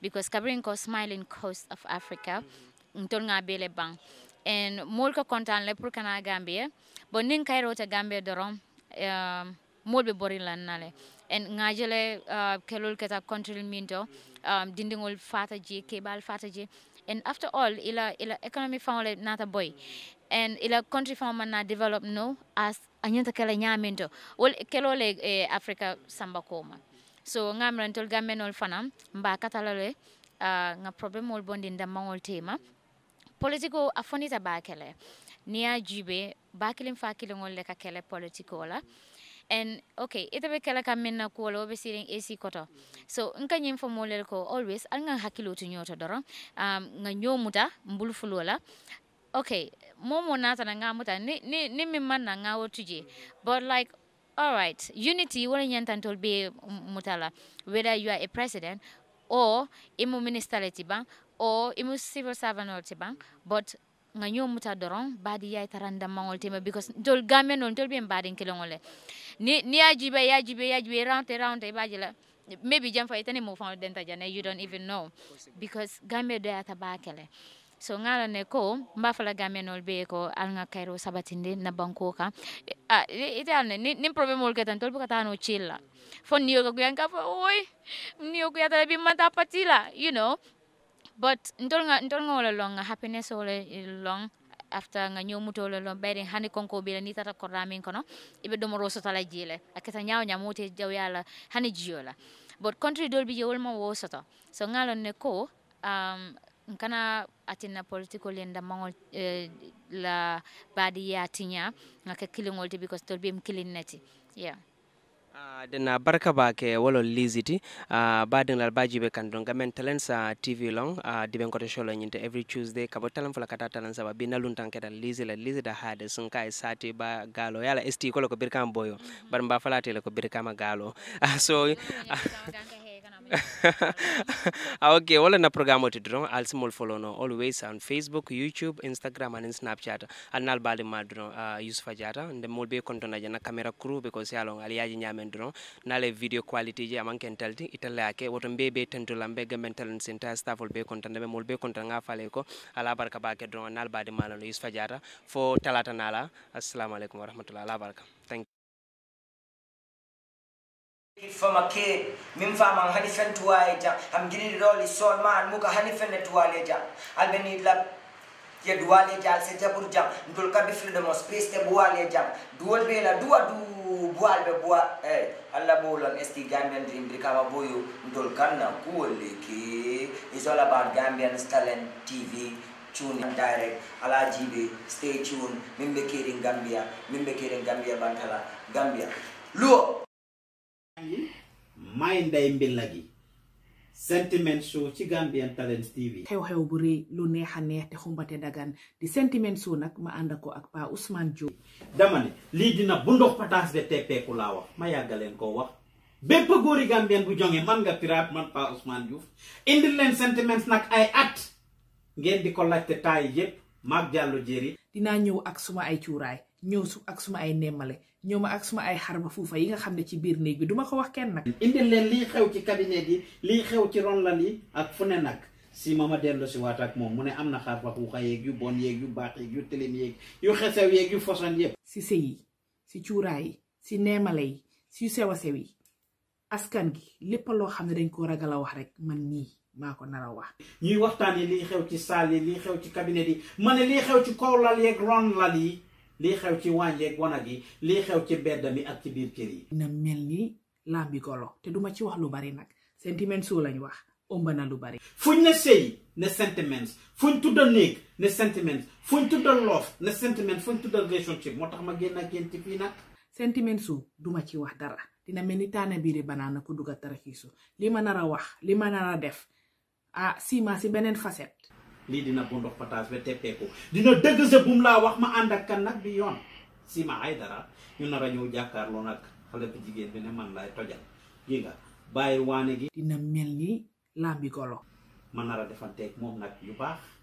because kabirin ko smiling coast of africa ntol mm-hmm. nga bele bang and mol ko kontan le gambia bon nin kairo ta gambia dorom um, be lan nale and ngajele uh, kelo keta control minto um, Dinding dindingol fata je kebal fata and after all ila ila economy not nata boy and ila country farm na develop no as anyanta kala nyaminto wol kelo eh, africa samba koma so ngamran tol gammenol fana mba katalale uh, nga problem ol bondin da mangol tema politiko afonita bakele niya jibe bakilin fakilingol le ka kele politiko la and okay ita be kele kam minna ko lo be sirin ac koto so nka nyim fo molel ko always al nga hakilo tu nyoto doro um, nga nyomuta mbulfulo la okay momo na tananga muta ni ni, ni min manna nga wotuje but like All right, unity wala nyantantol be mutala, whether you are a president or imu minister letiba or imu civil servant letiba, but nga ñoo muta doron baadi yaay taranda mangol tema because tol gamen non tol bien baadin kelongole ni ni ajibe ya jibe ya jibe round round e baaji la maybe jam fa itani mo fa denta jane you don't even know because gamen do ya tabakele so ngala ne ko mbafala gamenol be ko al nga kairo sabatinde na banko ka ah ite ne ni problem ol ketan tol buka tano chilla fon niyo ka guyan ka fo oy niyo guya ya tabi mata patila you know but ndol nga ndol nga wala long happiness wala long after nga ñomutole lo bayde hani konko bila ni tata ko ramin ko no ibe domo roso tala jile aketa nyaaw nyamote jaw yala hani jiola but country dolbi yewol ma wo soto so ngalon ne ko um nkana atinna political lenda mangol eh, la badi ya tinya ngake kilingol ti because tol bim kilin neti yeah Uh, dena barka ba ke wolo liziti uh, badin la baji be kan donga men sa tv long uh, diben kote sholo nyinte every tuesday kabo talan fula kata talensa ba bina lun tanke da lizi la lizi da hade sun kai sati ba galo yala sti ko ko birkam boyo mm -hmm. bar mba fala ko birkam galo uh, so uh, ok wala na programme ti dron al small follow no always on Facebook, YouTube, Instagram and Snapchat. Al nal bali dron uh, Yusufa diata and the be konto na jana camera crew because ya long ali yaji nyamen dron nale video quality je aman talti itala yake woto mbe be tento lambe gamen talent center staff be konto na molbe konto nga fale ko ala barka bake dron nal bali ma no Yusufa Jata fo talata nala assalamu alaikum warahmatullahi wabarakatuh. Thank you. fama ke min fama hani fen tuwaye jam ham gilidi rooli sool ma an muka hani fenne tuwale jam albeni la ye duwale je al se jaɓur jam ndol kabi filde mo space te buwale jam duwol ɓe la duwa du buwal ɓe buwa e allah bowlon est ce que gambien rimbiri kama boyo ndol kanna kuwolle ke isola bat gambien stalen tv tune direct ala jiɓe stay tune min ɓe keeri gambia min ɓe keeri gambia bantala gambia luo mbil lagi Sentiment Show ci Gambian talent TV xew-xew bu rëy lu neex a neex te xumbate dagan di Sentiment Show nak ma andako ak Pa Ousmane Diop dama ne li dina bu ndox pataas de teppeeku la wax ma yagalen ko wax bepp góori gambian bu jonge man nga pirate man Pa Ousmane Diouf indil len sentiments nak ay at ngeen di ko laajte tay yépp mak diallo jeri dina ñew ak suma ay ciuray ñëw su ak suma ay nemmale ñëw ma ak suma ay xarba fuufa yi nga xam ne ci biir néeg bi duma ko wax kenn nag indil leen liy xew ci cabinet yi liy xew ci ronlal yi ak si mama dellu si waat ak moom mu ne am na xarba fuuxa yeeg yu bon yeeg yu baax yeeg yu tilim yeeg yu xesew yeeg yu foson yëpp si sëy si cuuraay yi si neemale yi si sew yi askan gi lépp loo xam ne dañ ko ragal a wax rek man nii maa ko nar wax ñuy waxtaane liy xew ci saal yi liy xew ne liy xew ci kaw lal ronlal yi lii xew ci waañ yeeg wana lii xew ci mbedd mi ak ci biir kër yi. na mel ni làmbi golo te duma ci wax lu bari nag sentiment soo lañ wax ëmb na lu bari. fuñ ne sëy ne sentiments fuñ tudda néeg ne sentiments fuñ tudda loof ne sentiments fuñ tudda relationship moo tax ma génn ak yéen ci fii nag. sentiment su duma ci wax dara dina mel ni taana biiri banaana ku dugg a taraxiisu li ma nar a wax li ma nar a def ah si si beneen facette. lii dina bu ndox pataas ba teppeeku dina dëgg sa bum laa wax ma ànd ak kan nag bi yoon si ma ay dara ñu nar a ñëw jàkkaarloo nag xale bu jigéen bi ne man laay tojal gi bàyyi waane gi dina mel ni làmbi golo ma nar a defanteeg moom nag yu baax